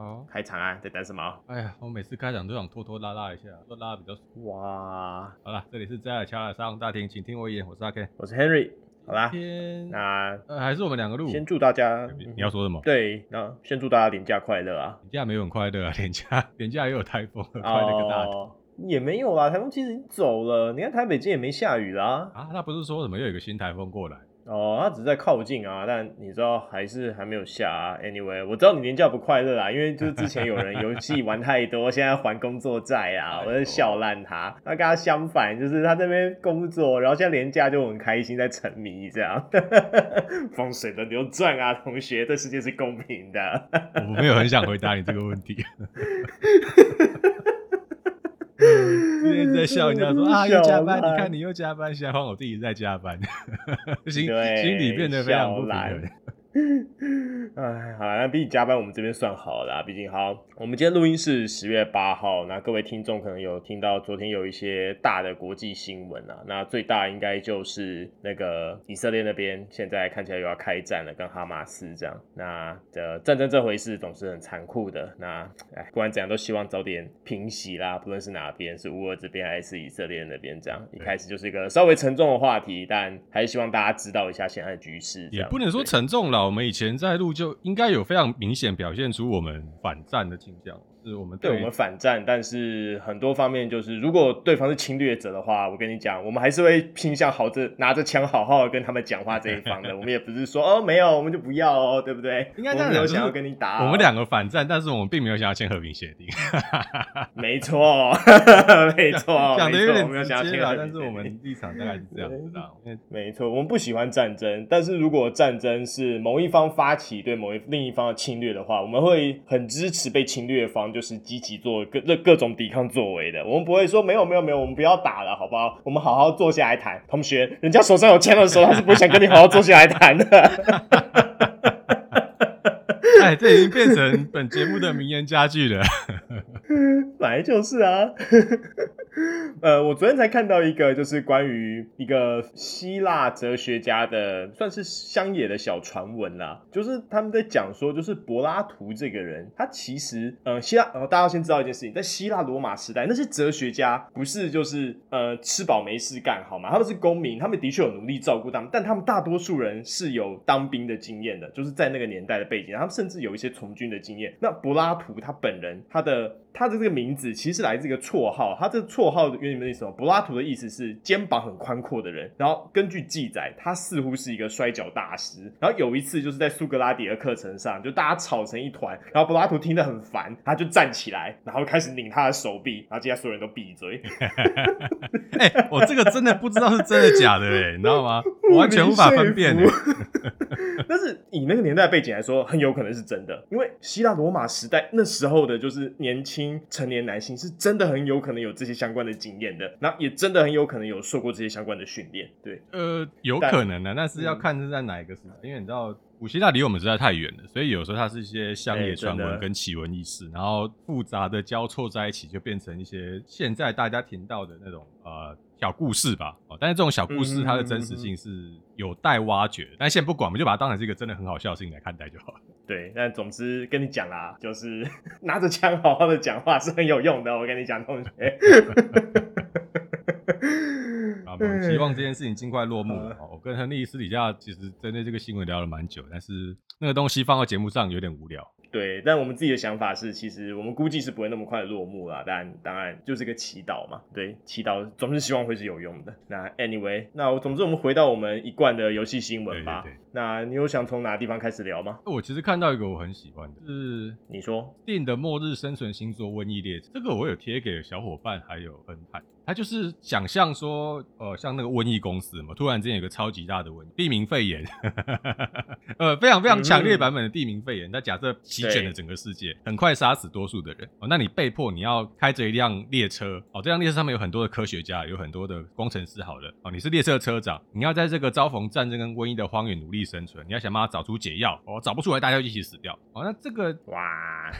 好開場啊，在等、哦、什麼？哎呀，我每次開場都想拖拖拉拉一下，拖拉得比較爽。哇，好了，這裡是宅爾喬亞的沙龍大廳，請聽我一言，我是阿 Ken，我是 Henry。好啦，天，那、呃、還是我們兩個錄。先祝大家，嗯、你要說什麼？對，那先祝大家連假快樂啊！連假沒有很快樂，啊，連假連假也有台風，哦、快樂個大。也沒有啦，台風其實已經走了，你看台北今也沒下雨啦。啊，那不是說什麼又有一個新台風過來？哦，他只是在靠近啊，但你知道還是還沒有下啊。Anyway，我知道你連假不快樂啊，因為就是之前有人遊戲玩太多， 現在還工作債啊，多我在笑爛他。那跟他相反，就是他那邊工作，然後現在連假就很開心，在沉迷這樣，風 水輪流轉啊，同學，這世界是公平的。 我沒有很想回答你這個問題。 嗯，今天在笑人家說啊又加班，萊你看你又加班，現在換我弟弟在加班， 心對心裡變得非常不平衡。哎， 好啦，那畢竟加班，我們這邊算好了。畢竟，好，我們今天錄音是十月八號。那各位聽眾可能有聽到，昨天有一些大的國際新聞啊。那最大應該就是那個以色列那邊現在看起來又要開戰了，跟哈馬斯這樣。那這戰爭這回事總是很殘酷的。那哎，不管怎樣，都希望早點平息啦。不論是哪邊，是烏爾這邊還是以色列那邊，這樣一開始就是一個稍微沉重的話題，但還是希望大家知道一下現在的局勢。也不能說沉重了。我們以前在錄，就應該有非常明顯表現出我們反戰的傾向。是我們對，對我們反戰，但是很多方面就是，如果對方是侵略者的話，我跟你講，我們還是會偏向好這，拿着槍好好的跟他們講話這一方的。 我們也不是說哦，沒有我們就不要哦，對不對？應該這樣子，我想要跟你打、哦。我們兩個反戰，但是我們並沒有想要簽和平協定。 沒錯，沒錯，講的有點直接，但是我們立場大概是這樣子的。沒錯，我們不喜歡戰爭，但是如果戰爭是某一方發起對某一另一方的侵略的話，我們會很支持被侵略方。就是積極做各各、各種抵抗作為的，我們不會說沒有沒有沒有，我們不要打了，好不好？我們好好坐下來談。同學，人家手上有槍的時候，他是不想跟你好好坐下來談的。 哎，這已經變成本節目的名言佳句了。本 來就是啊。 呃，我昨天才看到一個，就是關於一個希臘哲學家的，算是鄉野的小傳聞啦。就是他們在講說，就是柏拉圖這個人，他其實，呃，希臘，呃、哦，大家要先知道一件事情，在希臘羅馬時代，那些哲學家不是就是呃吃飽沒事幹，好嗎？他們是公民，他們的確有努力照顧他們，但他們大多數人是有當兵的經驗的，就是在那個年代的背景，他們甚至。是有一些從軍的經驗。那柏拉圖他本人，他的。他的這個名字其實來自一個綽號，他這個綽號的原因是什麼？柏拉圖的意思是肩膀很寬闊的人。然後根據記載，他似乎是一個摔跤大師。然後有一次就是在蘇格拉底的課程上，就大家吵成一團，然後柏拉圖聽得很煩，他就站起來，然後開始擰他的手臂，然後接下來所有人都閉嘴。哎、 欸，我這個真的不知道是真的假的、欸，哎， 你知道嗎？完全無法分辨、欸。 但是以那個年代背景來說，很有可能是真的，因為希臘羅馬時代那時候的就是年輕。成年男性是真的很有可能有這些相關的經驗的，那也真的很有可能有受過這些相關的訓練。對，呃，有可能的，但那是要看是在哪一個時代，嗯、因為你知道。古希臘離我們實在太遠了，所以有時候它是一些鄉野傳聞跟奇聞異事，欸、然後複雜的交錯在一起，就變成一些現在大家聽到的那種呃小故事吧。哦，但是這種小故事它的真實性是有待挖掘。嗯哼嗯哼，但現在不管，我們就把它當成是一個真的很好笑的事情來看待就好了。對，但總之跟你講啦、啊，就是拿着槍好好的講話是很有用的，我跟你講同學。 啊，希望這件事情儘快落幕，嗯，我跟亨利私底下其實針對這個新聞聊了蠻久，但是那個東西放到節目上有點無聊。對，但我們自己的想法是，其實我們估計是不會那麼快的落幕啦。但當然，就是個祈禱嘛。對，祈禱總是希望會是有用的。那 anyway，那總之我們回到我們一貫的遊戲新聞吧。對對對。那你有想從哪個地方開始聊嗎？我其實看到一個我很喜歡的，是你說《電影的末日生存新作瘟疫列車》這個，我有貼給小夥伴還有恩泰。他就是想象說，呃，像那個瘟疫公司嘛，突然之間有一個超級大的瘟疫，地名肺炎呵呵呵，呃，非常非常強烈版本的地名肺炎，它、嗯、哼假設席捲了整個世界，對很快殺死多數的人。哦，那你被迫你要開着一輛列車，哦，這輛列車上面有很多的科學家，有很多的工程師，好了，哦，你是列車車長，你要在這個遭逢戰爭跟瘟疫的荒野努力。生存，你要想辦法找出解藥哦，找不出來大家就一起死掉哦。那這個哇，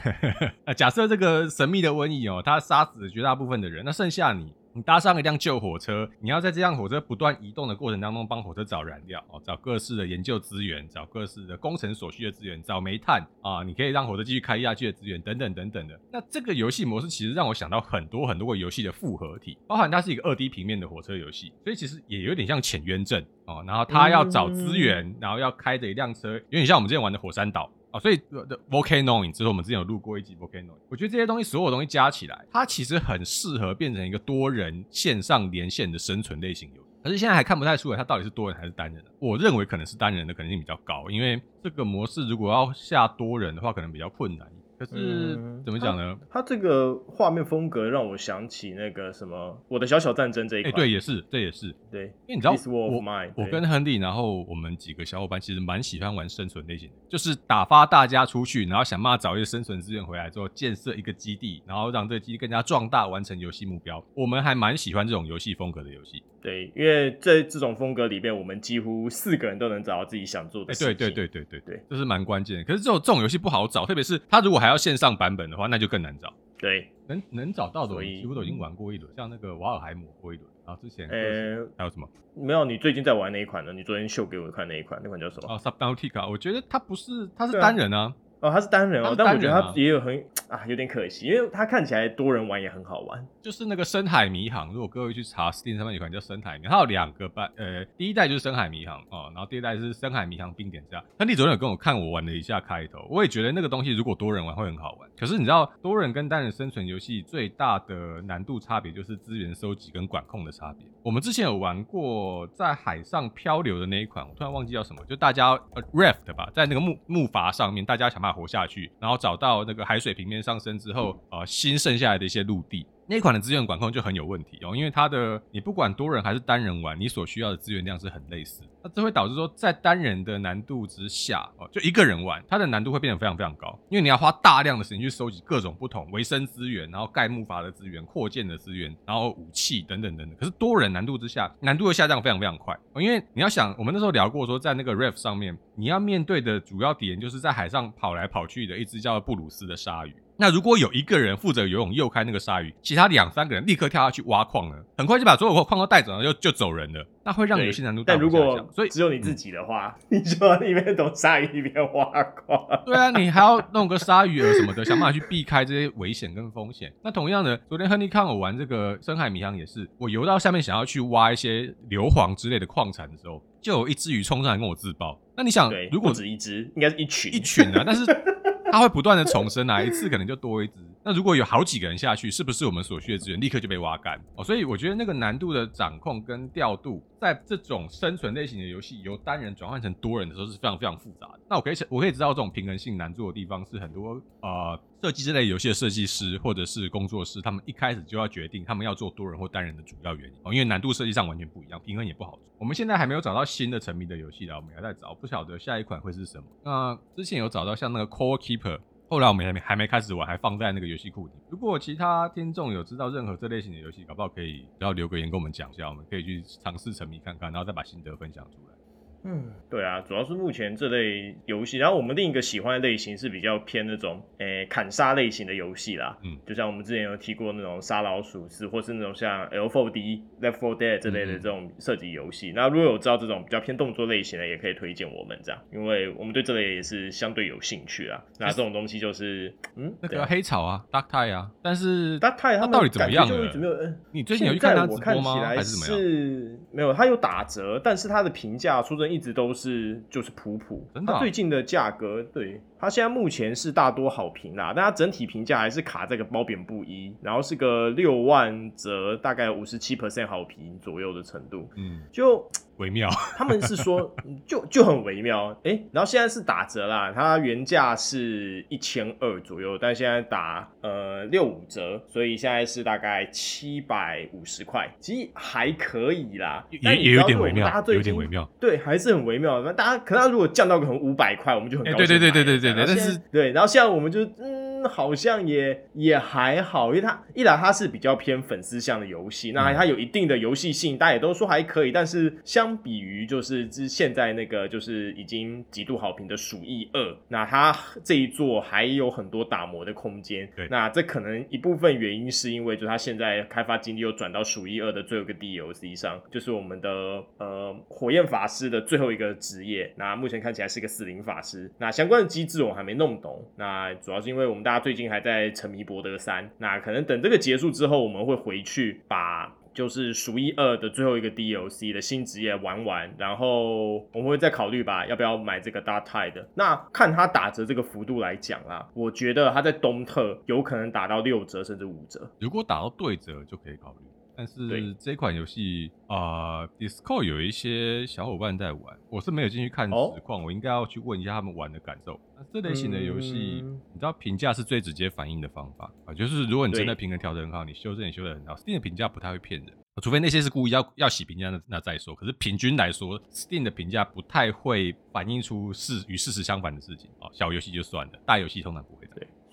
哈。假設這個神秘的瘟疫哦，它殺死絕大部分的人，那剩下你。你搭上一輛舊火車，你要在這輛火車不斷移動的過程當中幫火車找燃料哦，找各式的研究資源，找各式的工程所需的資源，找煤炭啊，你可以讓火車繼續開下去的資源等等等等的。那這個遊戲模式其實讓我想到很多很多個遊戲的複合體，包含它是一個二 D 平面的火車遊戲，所以其實也有點像《潛淵症》哦，然後他要找資源，嗯嗯嗯，然後要開着一輛車，有點像我們之前玩的《火山島》。哦，所以的 volcano，這是我們之前有錄過一集 volcano，我覺得這些東西所有東西加起來，它其實很適合變成一個多人線上連線的生存類型遊戲。可是現在還看不太出來它到底是多人還是單人，我認為可能是單人的可能性比較高，因為這個模式如果要下多人的話，可能比較困難。可是怎麼講呢？它，它這個畫面風格讓我想起那個什麼《我的小小戰爭》這一塊，欸、對，也是，這也是對，因為你知道，This War of 我 Mine, 對，我跟亨利，然後我們幾個小夥伴其實蠻喜歡玩生存類型的，就是打發大家出去，然後想辦法找一個生存資源回來，之後建設一個基地，然後讓這個基地更加壯大，完成遊戲目標。我們還蠻喜歡這種遊戲風格的遊戲，對，因為在這種風格裡面，我們幾乎四個人都能找到自己想做的，欸。對，對，對，對，對，對，對，對，對，這是蠻關鍵的。可是這種這種遊戲不好找，特別是他如果還要線上版本的話，那就更難找。對，能能找到的，其實我都已經玩過一輪，嗯、像那個《瓦爾海姆》過一輪，然後之前、欸、還有什麼？沒有，你最近在玩哪一款呢？你昨天秀給我看那一款，那款叫什麼？啊、oh,，Subnautica，我覺得它不是，它是單人啊。哦，它是單人哦，人啊、但我覺得它也有很啊，有點可惜，因為它看起來多人玩也很好玩。就是那個《深海迷航》，如果各位去查 Steam 上面有一款叫《深海迷航》，它有兩個版，呃，第一代就是《深海迷航》哦，然後第二代是《深海迷航》冰點下這樣。亨利昨天有跟我看，我玩了一下開頭，我也覺得那個東西如果多人玩會很好玩。可是你知道，多人跟單人生存遊戲最大的難度差別就是資源收集跟管控的差別。我們之前有玩過在海上漂流的那一款，我突然忘記叫什麼，就大家、呃、raft 吧，在那個木木筏上面，大家想辦法。活下去，然後找到那個海水平面上升之後，呃，剩剩下來的一些陸地。那一款的資源管控就很有問題哦，因為它的你不管多人還是單人玩，你所需要的資源量是很類似的，那這會導致說在單人的難度之下哦，就一個人玩，它的難度會變得非常非常高，因為你要花大量的時間去收集各種不同維生資源，然後蓋木筏的資源、擴建的資源，然後武器等等等等。可是多人難度之下，難度會下降非常非常快，因為你要想，我們那時候聊過說，在那個 Raft 上面，你要面對的主要敵人就是在海上跑來跑去的一隻叫做布魯斯的鯊魚。那如果有一個人負責游泳誘開那個鯊魚，其他兩三個人立刻跳下去挖礦了，很快就把所有礦都帶走了，就就走人了。那會讓遊戲難度？但如果所以只有你自己的話，你就一邊躲鯊魚一邊挖礦。對啊，你還要弄個鯊魚餌什麼的，想辦法去避開這些危險跟風險。那同樣的，昨天亨利看我玩這個深海迷航也是，我游到下面想要去挖一些硫磺之類的礦產的時候，就有一只魚衝上來跟我自爆。那你想，如果只一只，應該是一群一群啊，但是。 他會不斷的重生啊，哪一次可能就多一隻。 那如果有好幾個人下去，是不是我們所需的資源立刻就被挖乾哦？所以我覺得那個難度的掌控跟調度，在這種生存類型的遊戲由單人轉換成多人的時候是非常非常複雜的。那我可以我可以知道這種平衡性難做的地方是很多啊。呃設計這類遊戲的設計師或者是工作室，他們一開始就要決定他們要做多人或單人的主要原因哦，因為難度設計上完全不一樣，平衡也不好做。我們現在還沒有找到新的沉迷的遊戲了，然後我們還在找，不曉得下一款會是什麼。那之前有找到像那個 Core Keeper，後來我們還沒還沒開始玩，還放在那個遊戲庫裡。如果其他聽眾有知道任何這類型的遊戲，搞不好可以要留個言跟我們講一下，我們可以去嘗試沉迷看看，然後再把心得分享出來。嗯，對啊，主要是目前這類遊戲，然後我們另一個喜歡的類型是比較偏那種，誒、欸，砍殺類型的遊戲啦。嗯，就像我們之前有提過那種殺老鼠是，或是那種像 L4D、Left 4 Dead 這類，類的這種射擊遊戲。嗯、那如果有知道這種比較偏動作類型的，也可以推薦我們這樣，因為我們對這類也是相對有興趣啊。欸、那這種東西就是，嗯，那個黑草啊，啊，Darktide 啊，但是 Darktide 他它到底怎麼樣呢？你最近有在我看起來是還是怎麼樣？沒有，它有打折，但是它的評價說真一直都是就是普普，它、啊、最近的價格對。他現在目前是大多好評啦，但他整體評價還是卡這個褒貶不一，然後是個六萬折，大概五十七 percent 好評左右的程度。嗯，就微妙。 他們是說，就就很微妙。哎、欸，然後現在是打折啦，它原價是一千二左右，但現在打呃六五折，所以現在是大概七百五十塊，其實還可以啦，也也有點微妙，有點微妙，對，還是很微妙。那大家可能他如果降到個五百塊，我們就很高興、欸、對，對對對對對對。但是對，然後現在我們就嗯。好像也也還好，因為它一來它是比較偏粉絲向的遊戲，那它有一定的遊戲性，嗯、大家也都說還可以。但是相比於就是現在那個就是已經極度好評的《鼠疫二》，那它這一作還有很多打磨的空間。對那這可能一部分原因是因為就它現在開發精力又轉到《鼠疫二》的最後一個 DLC 上，就是我們的呃火焰法師的最後一個職業。那目前看起來是一個死靈法師，那相關的機制我還沒弄懂。那主要是因為我們大。他最近還在沉迷《博德三》，那可能等這個結束之後，我們會回去把就是鼠疫二的最後一個 DLC 的新職業玩完，然後我們會再考慮吧，要不要買這個 Darktide。那看他打折這個幅度來講啦，我覺得他在冬特有可能打到六折甚至五折，如果打到對折就可以考慮。但是這款遊戲啊，對、呃、Discord 有一些小夥伴在玩，我是沒有進去看實況，哦、我應該要去問一下他們玩的感受。那這類型的遊戲，嗯、你知道評價是最直接反映的方法啊，就是如果你真的平衡調整很好，你修正也修得很好，Steam 的評價不太會騙人、啊，除非那些是故意要要洗評價的，那再說。可是平均來說，Steam 的評價不太會反映出事與事實相反的事情啊，小遊戲就算了，大遊戲通常不會。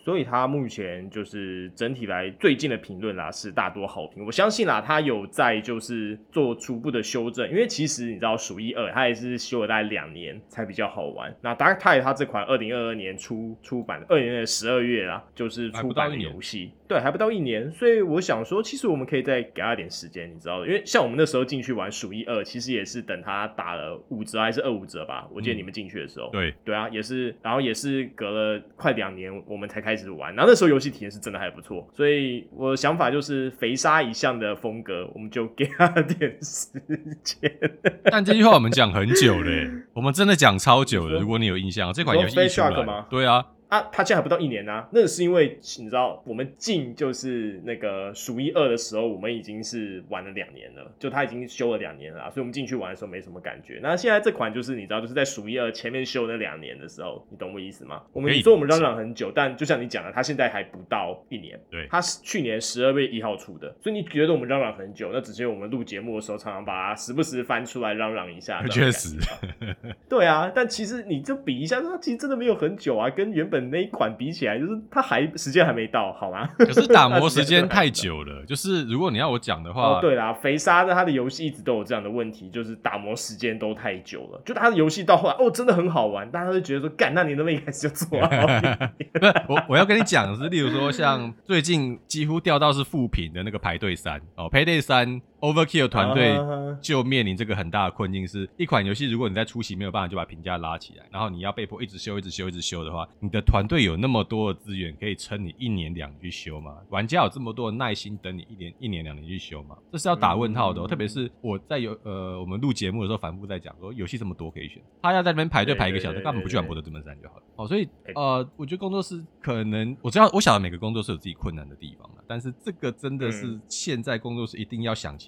所以他目前就是整體來最近的評論啦、啊，是大多好評。我相信啦，他有在就是做初步的修正，因為其實你知道《鼠疫二》它也是修了大概兩年才比較好玩。那《Darktide》它這款二零二二年初出版，的二零的十二月啦、啊，就是出版的遊戲，對，還不到一年。所以我想說，其實我們可以再給他點時間，你知道，因為像我們那時候進去玩《鼠疫二》，其實也是等他打了五折還是二五折吧，我記得你們進去的時候，嗯、對，對啊，也是，然後也是隔了快兩年，我們才開始。玩，然後那時候遊戲體驗是真的還不錯，所以我的想法就是肥沙一向的風格，我們就給他點時間。 但這句話我們講很久了、欸，我們真的講超久了。的如果你有印象，這款遊戲你喜歡嗎？的對啊。啊，它現在還不到一年呢、啊。那是因為你知道，我們進就是那個鼠疫2的時候，我們已經是玩了兩年了。就它已經修了兩年了、啊，所以我們進去玩的時候沒什麼感覺。那現在這款就是你知道，就是在鼠疫2前面修那兩年的時候，你懂我意思嗎？我們說我們嚷嚷很久，但就像你講的，它現在還不到一年。對，它是去年十二月一號出的，所以你覺得我們嚷嚷很久，那只是我們錄節目的時候常，常常把它時不時翻出來嚷嚷一下。確實，對啊。但其實你就比一下，它其實真的沒有很久啊，跟原本。那一款比起來，就是它還時間還沒到，好嗎？可是打磨時間太久了。就是如果你要我講的話， 哦，對啦，肥沙的他的遊戲一直都有這樣的問題，就是打磨時間都太久了。就他的遊戲到後來，哦，真的很好玩，大家都覺得說，幹，那你那麼一開始就做啊？ 我我要跟你講的是，例如說像最近幾乎掉到是副品的那個排隊三哦，排隊三。Overkill 團隊就面臨這個很大的困境，是一款遊戲，如果你在初期沒有辦法就把評價拉起來，然後你要被迫一直修、一直修、一直修的話，你的團隊有那麼多的資源可以撐你一年兩年去修嗎？玩家有這麼多的耐心等你一年一年兩年去修嗎？這是要打問號的。哦，嗯、特別是我在有呃，我們錄節目的時候反覆在講說，遊戲這麼多可以選，他要在那邊排隊排一個小時，幹嘛、欸欸、不去玩《博德之門3》就好了。好、欸哦，所以呃，我覺得工作室可能我知道，我想每個工作室有自己困難的地方了，但是這個真的是現在工作室一定要想清。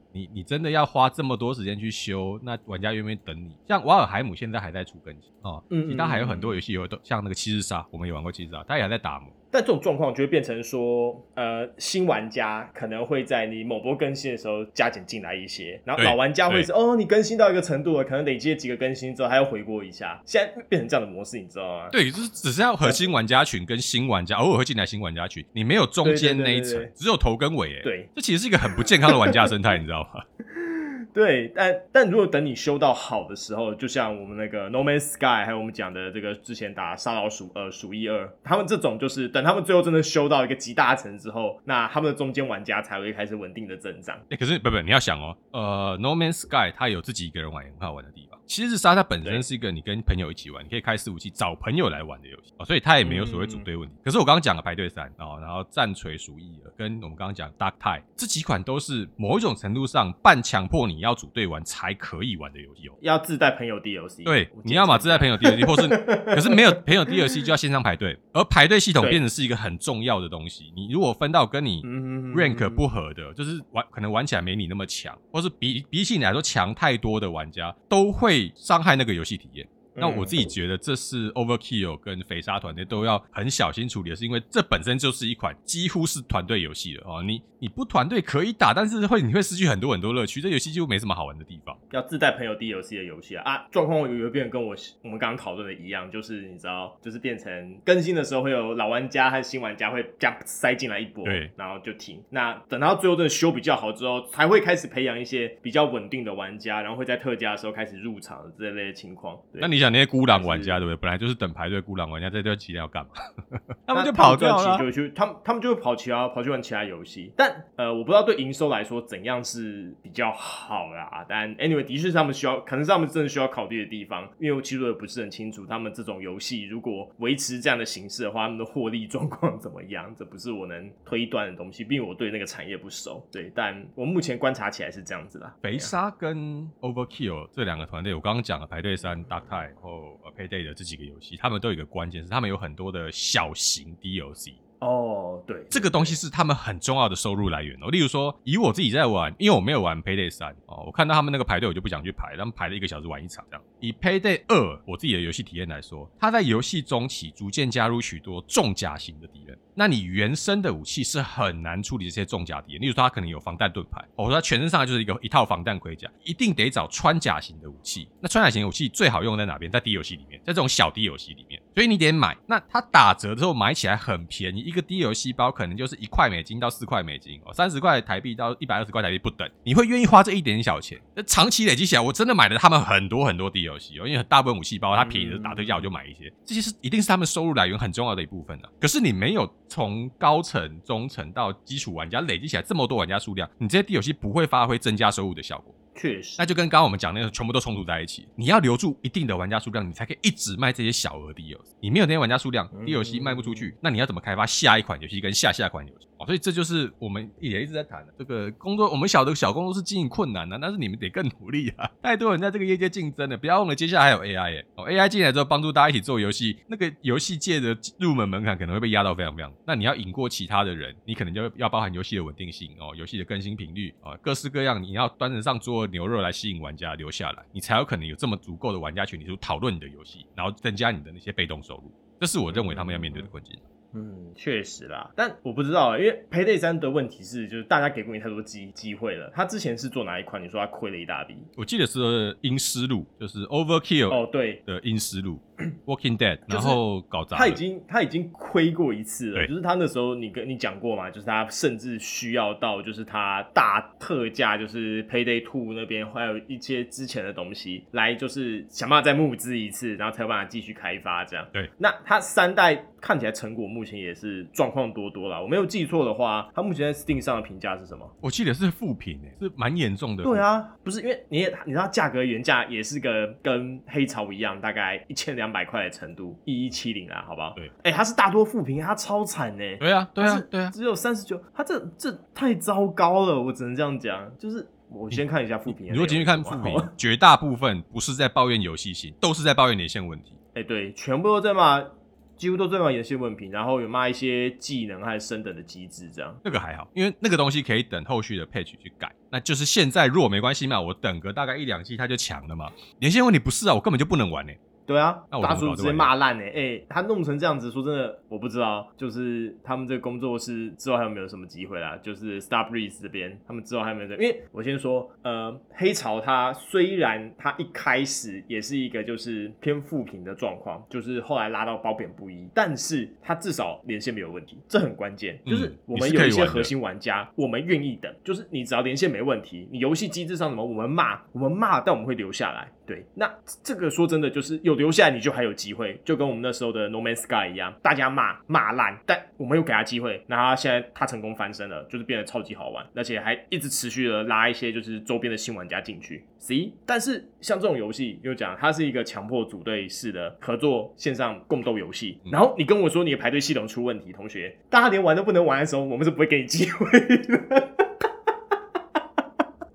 你你真的要花這麼多時間去修？那玩家願不願意等你？像瓦爾海姆現在還在出更新哦，嗯嗯嗯，其他還有很多遊戲有都像那個七日殺，我們也玩過七日殺，他也還在打磨。但這種狀況就會變成說，呃，新玩家可能會在你某波更新的時候加減進來一些，然後老玩家會說，哦，你更新到一個程度了，可能累積了幾個更新之後還要回鍋一下。現在會變成這樣的模式，你知道嗎？對，就是只是要核心玩家群跟新玩家，偶爾會進來新玩家群，你沒有中間那一層，對對對對對，只有頭跟尾、欸。對，這其實是一個很不健康的玩家生態，你知道嗎？ 對，但但如果等你修到好的時候，就像我們那個 No Man's Sky，還有我們講的這個之前打殺老鼠，呃鼠疫二，他們這種就是等他們最後真的修到一個集大成之後，那他們的中間玩家才會開始穩定的增長。欸、可是不不，你要想哦，呃 No Man's Sky 他有自己一個人玩也很好玩的地方。其實沙它本身是一個你跟朋友一起玩，對你可以開伺服器找朋友來玩的遊戲哦，所以它也沒有所謂組隊問題。嗯、可是我剛剛講了排隊三啊，然後戰錘、鼠疫跟我們剛剛講 Darktide 這幾款都是某一種程度上半強迫你要組隊玩才可以玩的遊戲，喔，哦。要自帶朋友 DLC。對，你要嘛自帶朋友 DLC 或是， 可是沒有朋友 DLC 就要線上排隊，而排隊系統變成是一個很重要的東西。對你如果分到跟你 rank 不合的，嗯嗯嗯嗯，就是玩可能玩起來沒你那麼強，或是比比起你來說強太多的玩家，都會。傷害那個遊戲體驗。嗯、那我自己覺得這是 Overkill 跟肥沙團隊都要很小心處理的，是因為這本身就是一款幾乎是團隊遊戲了哦。你你不團隊可以打，但是會你會失去很多很多樂趣。這遊戲幾乎沒什麼好玩的地方。要自帶朋友 DLC 的遊戲的遊戲啊啊！狀況會有變，跟我我們剛剛討論的一樣，就是你知道，就是變成更新的時候會有老玩家和新玩家會加塞進來一波，對，然後就停。那等到最後真的修比較好之後，才會開始培養一些比較穩定的玩家，然後會在特價的時候開始入場的這類的情況。對，那你想？那些孤狼玩家對不對？就是、本來就是等排隊，孤狼玩家在這期要幹嘛？ 那 他們就跑這期就他們他們就跑其他，跑去玩其他遊戲。但呃，我不知道對營收來說怎樣是比較好啦。但 anyway，的確是他們需要，可能是他們真的需要考慮的地方，因為我其實我也不是很清楚，他們這種遊戲如果維持這樣的形式的話，他們的獲利狀況怎麼樣？這不是我能推斷的東西，畢竟我對那個產業不熟。對，但我目前觀察起來是這樣子的。肥沙跟 Overkill 這兩個團隊，我剛剛講了排隊三 Dark t 然後呃，Payday 的這幾個遊戲，他們都有一個關鍵是，他們有很多的小型 DLC 哦，oh, 對，這個東西是他們很重要的收入來源哦。例如說，以我自己在玩，因為我沒有玩 Payday 三哦，我看到他們那個排隊，我就不想去排，他們排了一個小時玩一場這樣。以 Payday 2，我自己的遊戲體驗來說，它在遊戲中期逐漸加入許多重甲型的敵人，那你原生的武器是很難處理這些重甲敵人。例如說，它可能有防彈盾牌，哦，說它全身上的就是一個一套防彈盔甲，一定得找穿甲型的武器。那穿甲型武器最好用在哪邊？在 DLC 裡面，在這種小 DLC 裡面。所以你得買。那它打折之後買起來很便宜，一個 DLC 包可能就是一塊美金到四塊美金哦，三十塊台幣到一百二十塊台幣不等。你會願意花這一點點小錢？那長期累積起來，我真的買了他們很多很多 DLC。遊戲，因為大部分武器包它便宜，打特價我就買一些。這些是一定是他們收入來源很重要的一部分了啊。可是你沒有從高層、中層到基礎玩家累積起來這麼多玩家數量，你這些 DLC 不會發揮增加收入的效果。確實，那就跟剛剛我們講那個全部都衝突在一起。你要留住一定的玩家數量，你才可以一直賣這些小額 DLC。你沒有那些玩家數量，DLC 賣不出去，那你要怎麼開發下一款遊戲跟下下款遊戲？所以這就是我們也一直在談的這個工作。我們小的小工作室經營困難呢、啊，但是你們得更努力啊！太多人在這個業界競爭了，不要忘了接下來還有 AI、欸。哦、喔、AI 進來之後幫助大家一起做遊戲，那個遊戲界的入門門檻可能會被壓到非常非常。那你要贏過其他的人，你可能就要包含遊戲的穩定性哦，遊戲的更新頻率啊、喔，各式各樣。你要端着上桌牛肉來吸引玩家留下來，你才有可能有這麼足夠的玩家群體去討論你的遊戲，然後增加你的那些被動收入。這是我認為他們要面對的困境。嗯，確實啦，但我不知道，因為 Payday 三的問題是，就是大家給過你太多機機會了。他之前是做哪一款？你說他虧了一大筆？我記得是陰屍路，就是 Overkill，哦對的陰屍路，walking dead，然後搞砸他已經他已經虧過一次了，只是他那時候你跟你講過嘛，就是他甚至需要到就是他大特價，就是 Payday two 那邊還有一些之前的東西來，就是想辦法再募資一次，然後才有辦法繼續開發這樣。對，那他三代看起來成果目。目前也是狀況多多啦。我沒有記錯的話，他目前在 Steam 上的評價是什麼？我記得是負評、欸、是蠻嚴重的。對啊，不是因為你也你知道價格原價也是個跟黑潮一樣，大概一千兩百塊的程度，一一七零啊，好不好？對，哎、欸，它是大多負評，它超慘呢、欸。對啊，對啊，39, 對啊，只有三十九，它這這太糟糕了，我只能這樣講。就是我先看一下負評，如果進去看負評， 絕大部分不是在抱怨遊戲性，都是在抱怨哪些問題？哎、欸，對，全部都在罵。幾乎都在玩連線問題，然後有罵一些技能還有升等的機制這樣。那個還好，因為那個東西可以等後續的 patch 去改。那就是現在弱沒關係嘛，我等個大概一兩季它就強了嘛。連線問題不是啊，我根本就不能玩哎、欸。對啊，大叔、啊、直接罵爛嘞，哎、啊欸，他弄成這樣子，說真的，我不知道，就是他們這個工作室之後還有沒有什麼機會啦？就是 Starbreeze 這邊，他們之後還有沒有？因為我先說，呃，黑潮它雖然它一開始也是一個就是偏負評的狀況，就是後來拉到褒貶不一，但是它至少連線沒有問題，這很關鍵。就是我們有一些核心玩家，嗯、玩我們願意等，就是你只要連線沒問題，你遊戲機制上什麼，我們罵我們罵，但我們會留下來。對，那這個說真的，就是有留下來你就還有機會，就跟我們那時候的 No Man's Sky 一樣，大家罵罵爛，但我們又給他機會，那他現在他成功翻身了，就是變得超級好玩，而且還一直持續的拉一些就是周邊的新玩家進去。See，但是像這種遊戲又講它是一個強迫組隊式的合作線上共鬥遊戲，然後你跟我說你的排隊系統出問題，同學，大家連玩都不能玩的時候，我們是不會給你機會的。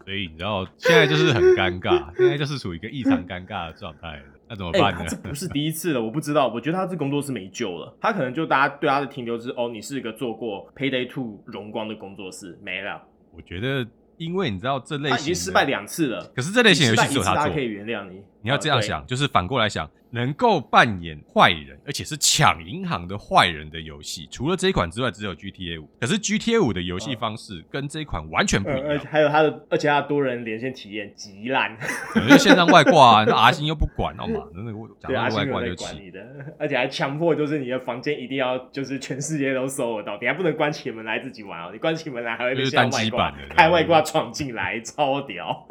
所以你知道，現在就是很尷尬， 現在就是處於一個異常尷尬的狀態，那怎麼辦呢？欸、這不是第一次了，我不知道。我覺得他這工作室沒救了，他可能就大家對他的停留是，哦，你是一個做過 Payday 2榮光的工作室，沒了。我覺得，因為你知道這類型，他已經失敗兩次了。可是這類型遊戲有他做，你失敗一次他可以原諒你。你要這樣想，哦、就是反過來想，能夠扮演壞人，而且是搶銀行的壞人的遊戲，除了這一款之外，只有 GTA 五。可是 GTA 五的遊戲方式跟這一款完全不一樣，呃、而且還有它的，而且它多人連線體驗極爛，可是線上外掛、啊， 那阿星又不管好嘛？那的，我講到外掛對外掛就管你的，而且還強迫，就是你的房間一定要就是全世界都搜得到，你還不能關起門來自己玩哦，你關起門來還會被是單機版的開外掛闖進來，哦、超屌。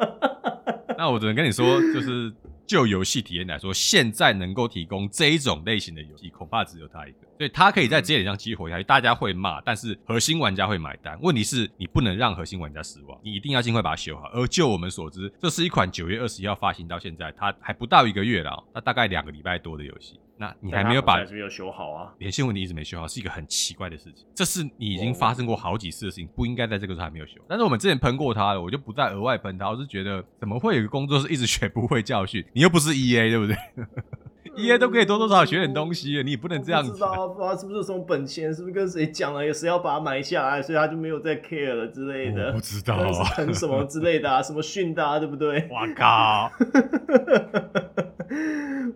那我只能跟你說，就是。就遊戲體驗來說，現在能夠提供這一種類型的遊戲，恐怕只有他一個。對，他可以在職業臉上激活下去，嗯、大家會罵，但是核心玩家會買單。問題是，你不能讓核心玩家失望，你一定要盡快把它修好。而就我們所知，這是一款九月二十一號發行到現在，它還不到一個月了、喔，那大概兩個禮拜多的遊戲，那你還沒有把還是沒有修好啊？連線問題一直沒修好，是一個很奇怪的事情。這是你已經發生過好幾次的事情，不應該在這個時候還沒有修好。但是我們之前噴過他了，我就不再額外噴他。我是覺得，怎麼會有一個工作室一直學不會教訓？你又不是 EA，對不對？ 應些都可以多多少少學點東西，嗯、你也不能這樣子。不知道不知道是不是有什麼本錢，是不是跟誰講了，有誰要把它買下來，所以他就沒有再 care 了之類的。不知道啊，很什麼之類的、啊， 什麼訓他、啊，對不對？哇靠！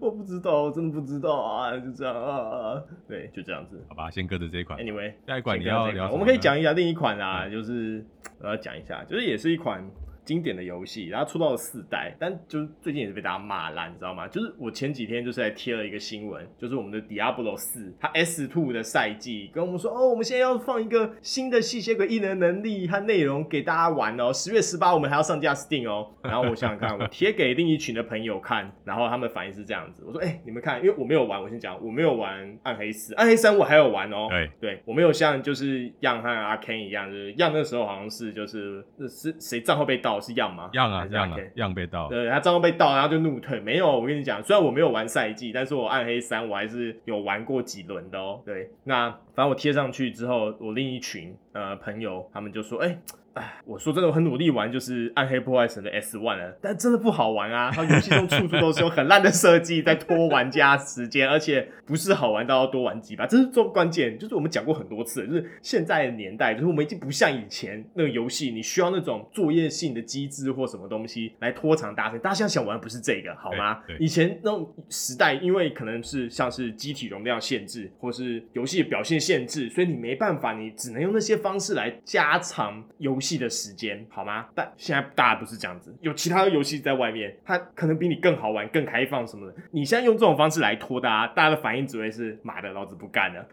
我不知道，我真的不知道啊，就這樣啊，對，就這樣子，好吧，先擱着這一款。Anyway，下一款，一款你要我們可以講一下另一款啊，嗯、就是我要講一下，就是也是一款。經典的遊戲，然後出到了四代，但就是最近也是被大家罵爛，你知道嗎？就是我前幾天就是還貼了一個新聞，就是我們的《Diablo 四》，它 S Two 的賽季跟我們說哦，我們現在要放一個新的吸血鬼異能能力和內容給大家玩哦，十月十八我們還要上架 Steam 哦。然後我想想看， 我貼給另一群的朋友看，然後他們反應是這樣子，我說：“哎、欸，你們看，因為我沒有玩，我先講，我沒有玩暗《暗黑四》，《暗黑三》我還有玩哦。對”對，我沒有像就是 Yang 和阿 Ken 一樣，就是 Yang 那時候好像是就是是誰賬號被盜。是樣嗎？樣啊，還是 OK？樣啊，樣被盜。對，他賬號被盜，然後就怒退。沒有，我跟你講，雖然我沒有玩賽季，但是我暗黑三我還是有玩過幾輪的哦。對，那反正我貼上去之後，我另一群呃朋友他們就說：“哎。”哎，我說真的，我很努力玩，就是《暗黑破壞神》的 S1 啊，但真的不好玩啊！然後遊戲中處處都是用很爛的設計在拖玩家時間，而且不是好玩到要多玩幾把，這是最關鍵。就是我們講過很多次，就是現在的年代，就是我們已經不像以前那個遊戲，你需要那種作業性的機制或什麼東西來拖長大聲。大家現在想玩不是這個好嗎？欸、對。以前那種時代，因為可能是像是機體容量限制，或是遊戲表現限制，所以你沒辦法，你只能用那些方式來加長遊。遊戲的時間好嗎？但現在大家不是這樣子，有其他的遊戲在外面，它可能比你更好玩、更開放什麼的。你現在用這種方式來拖大家，大家的反應只會是媽的，老子不幹了。了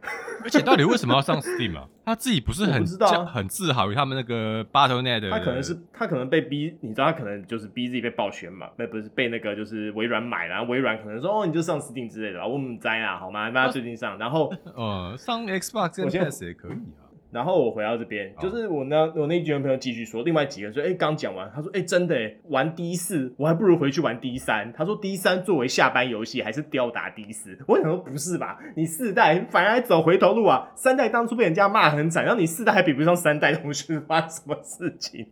而且到底為什麼要上 Steam 啊？ 他自己不是很不知道、啊，很自豪於他們那個 BattleNet。他可能是他可能被逼，你知道，他可能就是逼自己被暴雪嘛？那不是被那個就是微軟買了，然後微軟可能說哦，你就上 Steam 之類的，我們栽啊好嗎？那他最近上，我然後呃，上 Xbox、PS 也可以啊。然後我回到這邊，哦、就是我那我那幾個朋友繼續說，另外幾個說，哎，剛講完，他說，哎，真的，玩 D 四，我還不如回去玩 D 三。他說 D 三作為下班遊戲，還是吊打 D 四。我想說，不是吧？你四代反而還走回頭路啊？三代當初被人家罵很慘，然後你四代還比不上三代，同學發什麼事情？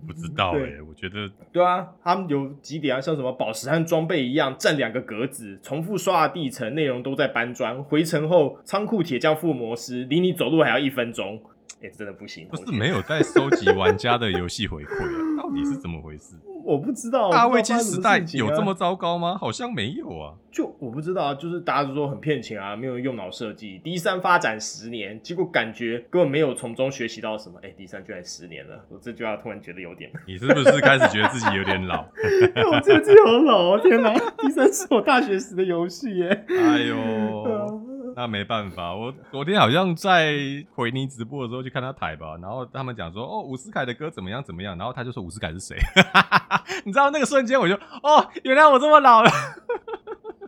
我不知道哎，、欸，對我覺得對啊，他們有幾點啊，像什麼寶石和裝備一樣占兩個格子，重複刷了地層，內容都在搬磚，回城後倉庫鐵匠、附魔師離你走路還要一分鐘，哎，、欸，真的不行，啊，我不是沒有在收集玩家的遊戲回饋啊， 到底是怎麼回事？我不知道大衛機時代有這麼糟糕嗎？好像沒有啊。就我不知道啊，就是大家都說很騙錢啊，沒有用腦設計，第三發展十年，結果感覺根本沒有從中學習到什麼。哎、欸，第三居然十年了，我這句話突然覺得有點……你是不是開始覺得自己有點老？ 我最近好老啊、哦！天哪，第三 是我大學時的遊戲耶！哎呦。呃那沒辦法，我昨天好像在奎尼直播的時候去看他台吧，然後他們講說，哦，伍思凱的歌怎麼樣怎麼樣，然後他就說伍思凱是誰，哈哈哈，你知道那個瞬間我就，哦，原來我這麼老了，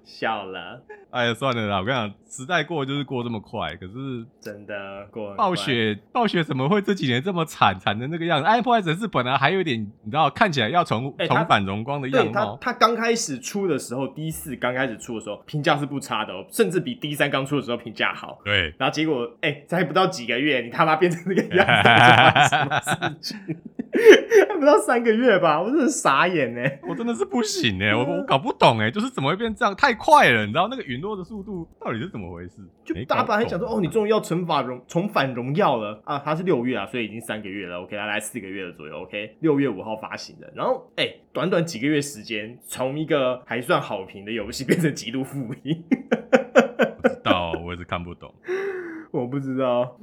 笑了。哎呀，算了啦！我跟你講，時代過就是過這麼快。可是真的過，暴雪暴雪怎麼會這幾年這麼慘，慘成那個樣子？iPhone 只是本來還有一點，你知道，看起來要重、欸、重返榮光的樣子。對，他他剛開始出的時候，D 四剛開始出的時候，評價是不差的，哦，甚至比 D 三剛出的時候評價好。對，然後結果，哎、欸，才不到幾個月，你他媽變成那個樣子， 還不到三個月吧，我真的傻眼哎、欸！我真的是不行哎、欸，我我搞不懂哎、欸，就是怎麼會變這樣？太快了，你知道那個隕落的速度到底是怎麼回事？就大家本來想說，啊、哦，你終於要懲罰重返榮重返榮耀了啊！他是六月啊，所以已經三個月了，OK，他來四個月左右，OK，六月五號發行的。然後哎、欸，短短幾個月時間，從一個還算好評的遊戲變成極度負評，不 知道，我也是看不懂，我不知道。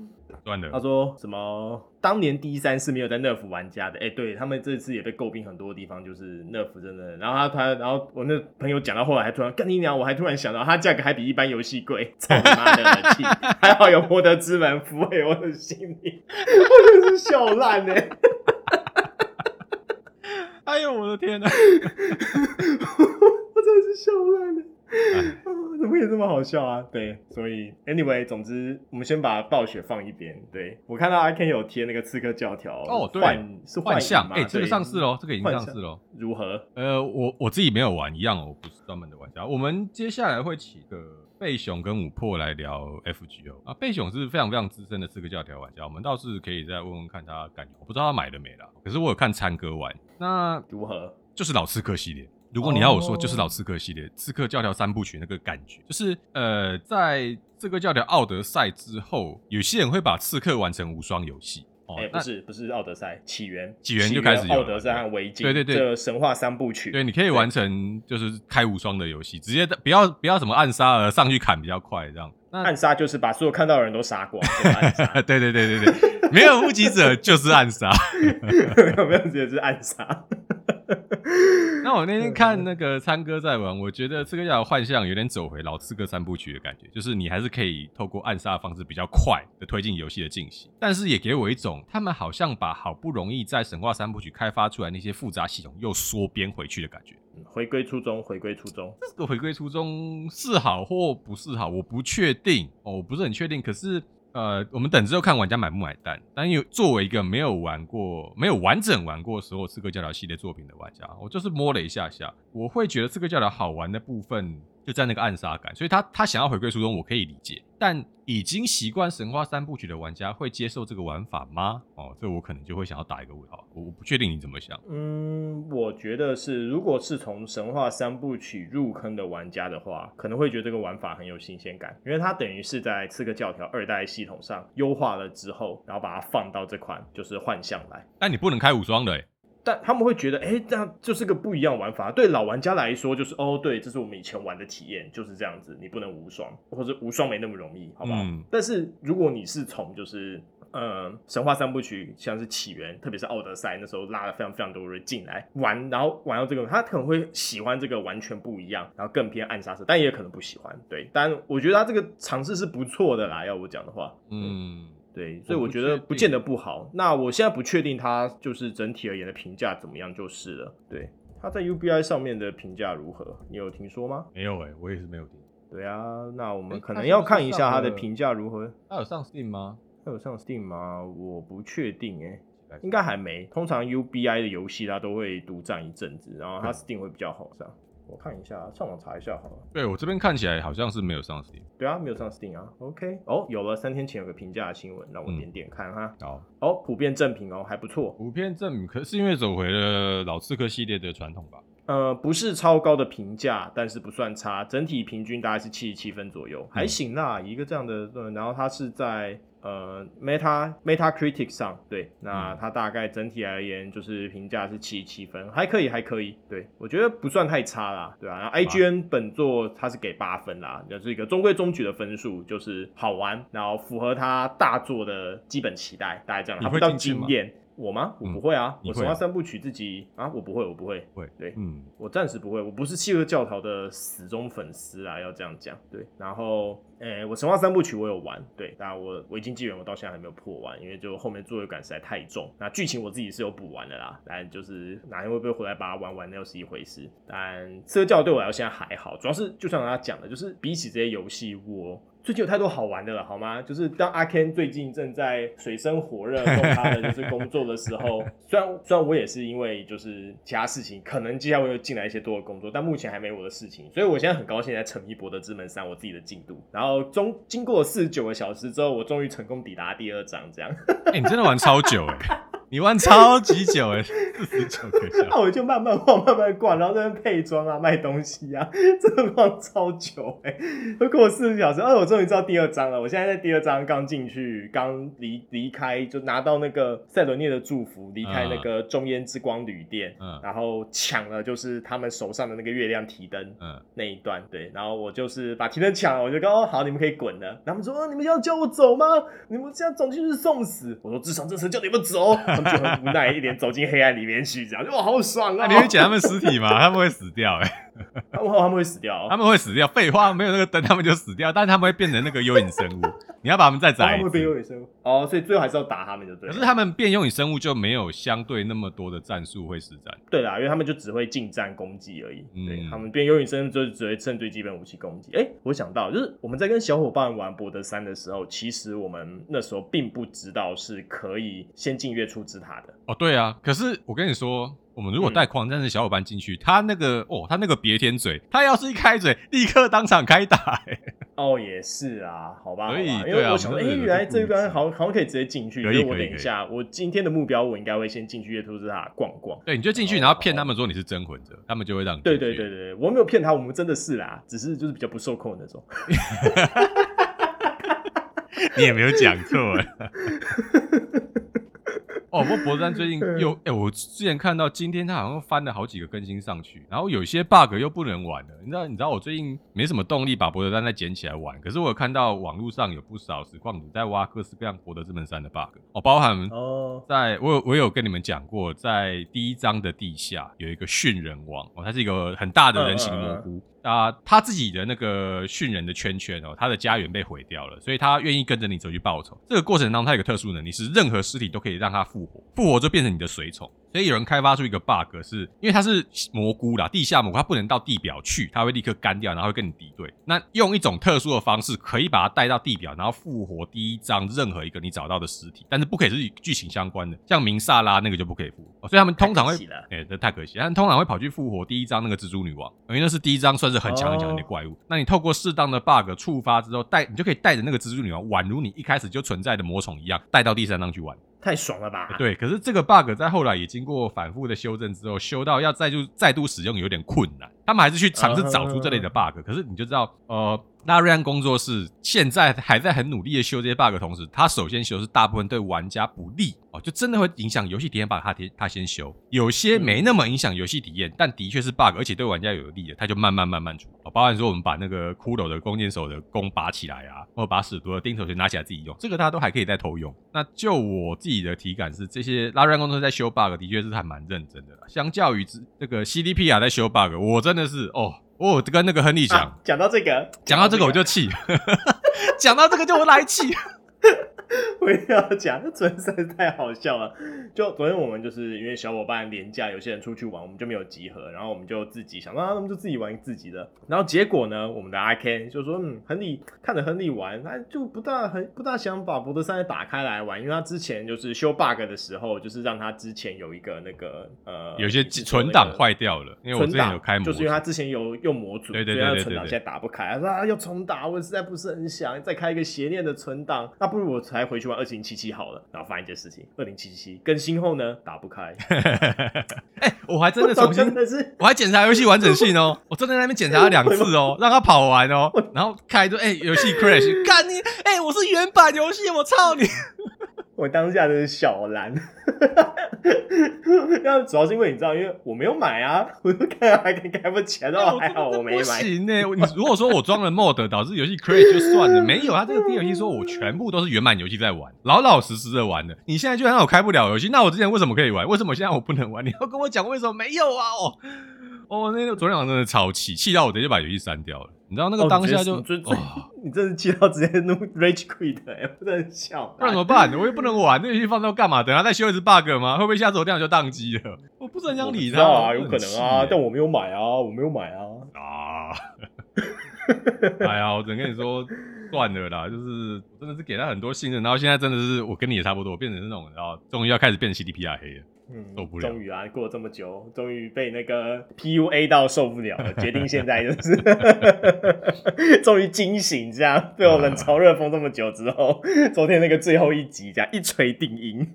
他說什麼？當年 D3 是沒有在 Nerf 玩家的哎、欸，對他們這次也被詬病很多的地方，就是 Nerf 真的。然後他他，然後我那朋友講到後來，還突然跟你講，我還突然想到，它價格還比一般遊戲貴，操你媽的！ 還好有博德之門撫慰我的心靈，我真是笑爛呢！哎呦我的天哪，我真的是笑爛了！唉怎麼也這麼好笑啊？對，所以 anyway，總之我們先把暴雪放一邊。對我看到阿 Ken 有貼那個刺客教條哦，幻是幻象哎，這個上市了，對這個已經上市了。如何？呃，我我自己沒有玩一樣哦，我不是專門的玩家。我們接下來會請個貝熊跟五破來聊 FGO 啊。貝熊是非常非常資深的刺客教條玩家，我們倒是可以再問問看他感覺，我不知道他買了沒啦。可是我有看參哥玩，那如何？就是老刺客系列。如果你要我說，就是老刺客系列，刺客教條三部曲那個感覺，就是呃，在這個教條奧德賽之後，有些人會把刺客玩成無雙遊戲。哎，不是不是奧德賽，起源起源就開始有奧德賽和維京，對對，對神話三部曲。對，對，你可以完成就是開無雙的遊戲，直接不要不要什麼暗殺而上去砍比較快，這樣。那暗殺就是把所有看到的人都殺光。 對對對對對，沒有目擊者就是暗殺，沒有沒有，直接是暗殺。 那我那天看那個參哥在玩，我覺得這個叫幻象，有點走回老刺客三部曲的感覺，就是你還是可以透過暗殺的方式比較快的推進遊戲的進行，但是也給我一種他們好像把好不容易在神話三部曲開發出來那些複雜系統又縮編回去的感覺。回歸初衷，回歸初衷，這個回歸初衷是好或不是好，我不確定哦，我不是很確定，可是。呃，我們等之後看玩家買不買單。但又作為一個沒有玩過、沒有完整玩過的時候《刺客教條》系列作品的玩家，我就是摸了一下下，我會覺得《刺客教條》好玩的部分。就在那個暗殺感，所以他他想要回歸初衷，我可以理解。但已經習慣神話三部曲的玩家會接受這個玩法嗎？哦，這我可能就會想要打一個問號。我我不確定你怎麼想。嗯，我覺得是，如果是從神話三部曲入坑的玩家的話，可能會覺得這個玩法很有新鮮感，因為它等於是在刺客教條二代系統上優化了之後，然後把它放到這款就是幻象來。但你不能開武裝的欸。但他們會覺得，哎、欸，這樣就是個不一樣玩法。對老玩家來說，就是哦，對，這是我們以前玩的體驗，就是這樣子。你不能無雙，或者無雙沒那麼容易，好不好？嗯、但是如果你是從就是，嗯，神話三部曲，像是起源，特別是奧德賽，那時候拉了非常非常多的人進來玩，然後玩到這個，他可能會喜歡這個完全不一樣，然後更偏暗殺式，但也可能不喜歡。對，但我覺得他這個嘗試是不錯的啦，要我講的話，嗯。嗯對，所以我覺得不見得不好。我不，那我現在不確定他就是整體而言的評價怎麼樣就是了。對，他在 UBI 上面的評價如何？你有聽說嗎？沒有哎、欸，我也是沒有聽。對啊，那我們可能要看一下他的評價如何，欸他是是。他有上 Steam 嗎？他有上 Steam 嗎？我不確定哎、欸，應該還沒。通常 UBI 的遊戲他都會獨占一陣子，然後他 Steam 會比較好上。我看一下，上網查一下好了。對，我這邊看起來好像是沒有上 Steam。對啊，沒有上 Steam 啊。OK，哦，有了，三天前有個評價的新聞，那我點點看、嗯、哈。好哦，普遍正評哦，還不錯。普遍正評，可是因為走回了老刺客系列的傳統吧？呃，不是超高的評價，但是不算差，整體平均大概是七十七分左右，還行啦。嗯、一個這樣的，嗯、然後它是在。呃，Meta Metacritic 上，對，那他大概整體而言就是評價是七十七分，還可以，還可以，對，我覺得不算太差啦，對啊，然後 IGN 本作他是給八分啦，這哇是一個中規中矩的分數，就是好玩，然後符合他大作的基本期待，大概這樣，達不到驚艷。我嗎？我不會啊，嗯、我神話三部曲自己啊，啊，我不會，我不會，會對，嗯，我暫時不會，我不是刺客教條的死忠粉絲啊，要這樣講，對，然後，呃、欸，我神話三部曲我有玩，對，但我維京紀元我到現在還沒有破完，因為就後面作業感實在太重，那劇情我自己是有補完的啦，但就是哪天會不會回來把它玩完那又是一回事，但刺客教對我來講現在還好，主要是就像他剛講的，就是比起這些遊戲我。最近有太多好玩的了，好嗎？就是當阿 Ken 最近正在水深火熱，忙他的就是工作的時候， 雖然雖然我也是因為就是其他事情，可能接下來又進來一些多的工作，但目前還沒我的事情，所以我現在很高興在沉迷《博德之門》上我自己的進度。然後終經過四十九個小時之後，我終於成功抵達第二章。這樣 欸，你真的玩超久哎，欸。 你玩超級久哎、欸，四十九 小時、 啊、我就慢慢逛，慢慢逛，然後在那邊配裝啊，賣東西啊，真的逛超久哎、欸，都過了四十小時。哎、哦，我終於知道第二章了，我現在在第二章剛進去，剛離離開，就拿到那個塞倫涅的祝福，離開那個終焉之光旅店，嗯、然後搶了就是他們手上的那個月亮提燈，嗯、那一段對，然後我就是把提燈搶了，我就說哦好，你們可以滾了。然後他們說你們要叫我走嗎？你們這樣總就是送死。我說至少這次叫你們走。 他們就很無奈一點，走進黑暗裡面去，這樣就哇好爽、哦、啊！你會撿他們屍體嗎？ 他們會死掉哎、欸。他們、哦、他們會死掉，他們會死掉。廢話，沒有那個燈，他們就死掉。但是他們會變成那個幽影生物， 你要把他們再宰。他們會變幽影生物哦，oh, 所以最後還是要打他們，就對了。可是他們變幽影生物就沒有相對那麼多的戰術會施展。對啦，因為他們就只會近戰攻擊而已。對、嗯、他們變幽影生物就只會用最基本武器攻擊。哎、欸，我想到就是我們在跟小伙伴玩博德三的時候，其實我們那時候並不知道是可以先進月出之塔的。哦，對啊。可是我跟你說。我們如果帶狂戰士小伙伴進去，他那個哦，他那個別天嘴，他要是一開嘴，立刻當場開打。哦，也是啊，好吧。所以，因為我想說，哎，原來這一關好，好像可以直接進去。所以，我等一下，我今天的目標，我應該會先進去月兔之塔逛逛。對，你就進去，然後騙他們說你是真魂者，他們就會讓你。對對對對，我沒有騙他，我們真的是啦，只是就是比較不受控的那種。你也沒有講錯。過、哦、博德山最近又哎，我之前看到今天他好像翻了好幾個更新上去，然後有些 bug 又不能玩了。你知道？你知道我最近沒什麼動力把博德山再撿起來玩。可是我有看到網絡上有不少實況主在挖各式各樣博德之門三的 bug，哦，包含哦，在我有我有跟你們講過，在第一章的地下有一個馴人王哦，他是一個很大的人形蘑菇。啊啊啊啊、呃，他自己的那個訓人的圈圈哦，他的家園被毀掉了，所以他願意跟着你走去報仇。這個過程當中，他有一個特殊能力，是任何屍體都可以讓他復活，復活就變成你的隨從。所以有人開發出一個 bug，是因為它是蘑菇啦，地下蘑菇它不能到地表去，它會立刻幹掉，然後會跟你敵對。那用一種特殊的方式，可以把它帶到地表，然後復活第一章任何一個你找到的屍體，但是不可以是與劇情相關的，像明薩拉那個就不可以復活。所以他們通常會，哎，這太可惜，他們通常會跑去復活第一章那個蜘蛛女王，因為那是第一章算是很強很強的怪物。那你透過適當的 bug 觸發之後，帶你就可以帶着那個蜘蛛女王，宛如你一開始就存在的魔寵一樣，帶到第三章去玩。太爽了吧？對，可是這個 bug 在後來也經過反覆的修正之後，修到要再就再度使用有點困難。他們還是去嘗試找出這類的 bug，Uh huh. 可是你就知道，呃。Uh huh. 拉瑞安工作室現在還在很努力的修這些 bug，同時他首先修是大部分對玩家不利哦，就真的會影響遊戲體驗，bug 他他先修。有些沒那麼影響遊戲體驗，但的確是 bug，而且對玩家有利的，他就慢慢慢慢出。哦，包含說我們把那個骷髏的弓箭手的弓拔起來啊，或者把使徒的釘頭錘拿起來自己用，這個大家都還可以再偷用。那就我自己的體感是，這些拉瑞安工作室在修 bug 的確是還蠻認真的。相較於這那個 CDP 啊在修 bug，我真的是哦。我有跟那個亨利講，講，啊，講到這個，講到這個我就氣，講 到這個就我來氣。 不要講，那實在是太好笑了。就昨天我們就是因為小夥伴連假，有些人出去玩，我們就沒有集合，然後我們就自己想啊，我們就自己玩自己的。然後結果呢，我們的阿 Ken 就說：“嗯，亨利看着亨利玩，他就不大很不大想把博德三打開來玩，因為他之前就是修 bug 的時候，就是讓他之前有一個那個呃，有些存檔壞掉了。因為我之前有開，就是因為他之前有用模組，對對對，對，存檔現在打不開。他說啊，要重打，我實在不是很想再開一個邪念的存檔，那不如我才回去玩。”二零七七好了，然後發現一件事情：二零七七更新後呢，打不開。哎、 欸，我還真的重新的我還檢查遊戲完整性哦， 我真的在那邊檢查了兩次哦， 讓他跑完哦，然後開着哎，遊戲 crash，幹你，哎、欸，我是原版遊戲，我操你！ 我當下的是小藍，哈哈哈哈哈！那主要是因為你知道，因為我沒有買啊，我都看到還可以開不起來，哦，還好我沒買、哎。你如果說我裝了 mod 導致遊戲 crash 就算了，沒有，啊這個遊戲說我全部都是原版遊戲在玩， 老老實實的玩的。你現在居然讓我開不了遊戲，那我之前為什麼可以玩？為什麼現在我不能玩？你要跟我講為什麼沒有啊？哦。哦，那個昨天晚上真的超氣，氣到我直接把遊戲刪掉了。你知道那個當下就哦，你真是氣、啊、到直接弄 rage quit，、欸、我在笑的。那怎麼辦？ 我又不能玩，那遊戲放到幹嘛、啊？等他再修一次 bug 嗎？會不會下次我電腦就宕機了？我不是很想理他啊，欸、有可能啊，但我沒有買啊，我沒有買啊啊！哎呀、 啊，我只能跟你說，算了啦，就是真的是給他很多信任，然後現在真的是我跟你也差不多，變成那種，然後終於要開始變成 CDPR 黑了。嗯，終於啊，過了這麼久，終於被那個 PUA 到受不了了， 決定現在就是， 終於驚醒這樣，被我冷嘲熱諷這麼久之後，昨天那個最後一集，這樣一錘定音，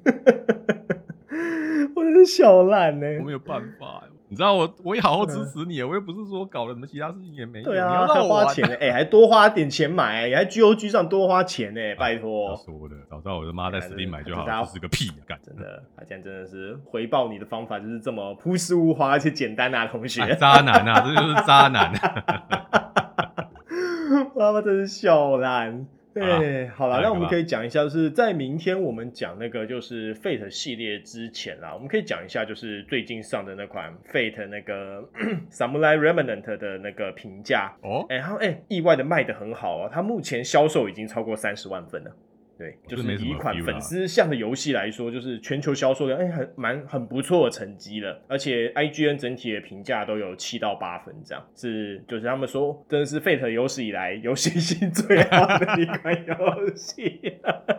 我真的笑爛呢，我沒有辦法、欸。你知道我，我也好好支持你，我又不是說搞了什麼其他事情也沒有。對啊，你要多花錢，哎，還多花點錢買，你還 GOG 上多花錢哎，拜託。說的，早知道我的媽在死地買就好了。是個屁，幹真的，他今天真的是回報你的方法就是這麼樸實無華而且簡單啊，同學，渣男啊，這就是渣男，哈哈哈哈哈，媽媽真是笑爛。對，好了，那我們可以講一下，就是在明天我們講那個就是 Fate 系列之前啦，我們可以講一下，就是最近上的那款 Fate 那個 Samurai Remnant 的那個評價哦，哎、欸，他，誒哎，意外的賣得很好哦、喔，它目前銷售已經超過三十萬份了。對，就是以一款粉絲向的遊戲來說，就是全球銷售的哎，很蠻很不錯的成績了，而且 IGN 整體的評價都有七到八分，這樣是就是他們說真的是費 e 有史以來遊戲性最好的一款遊戲。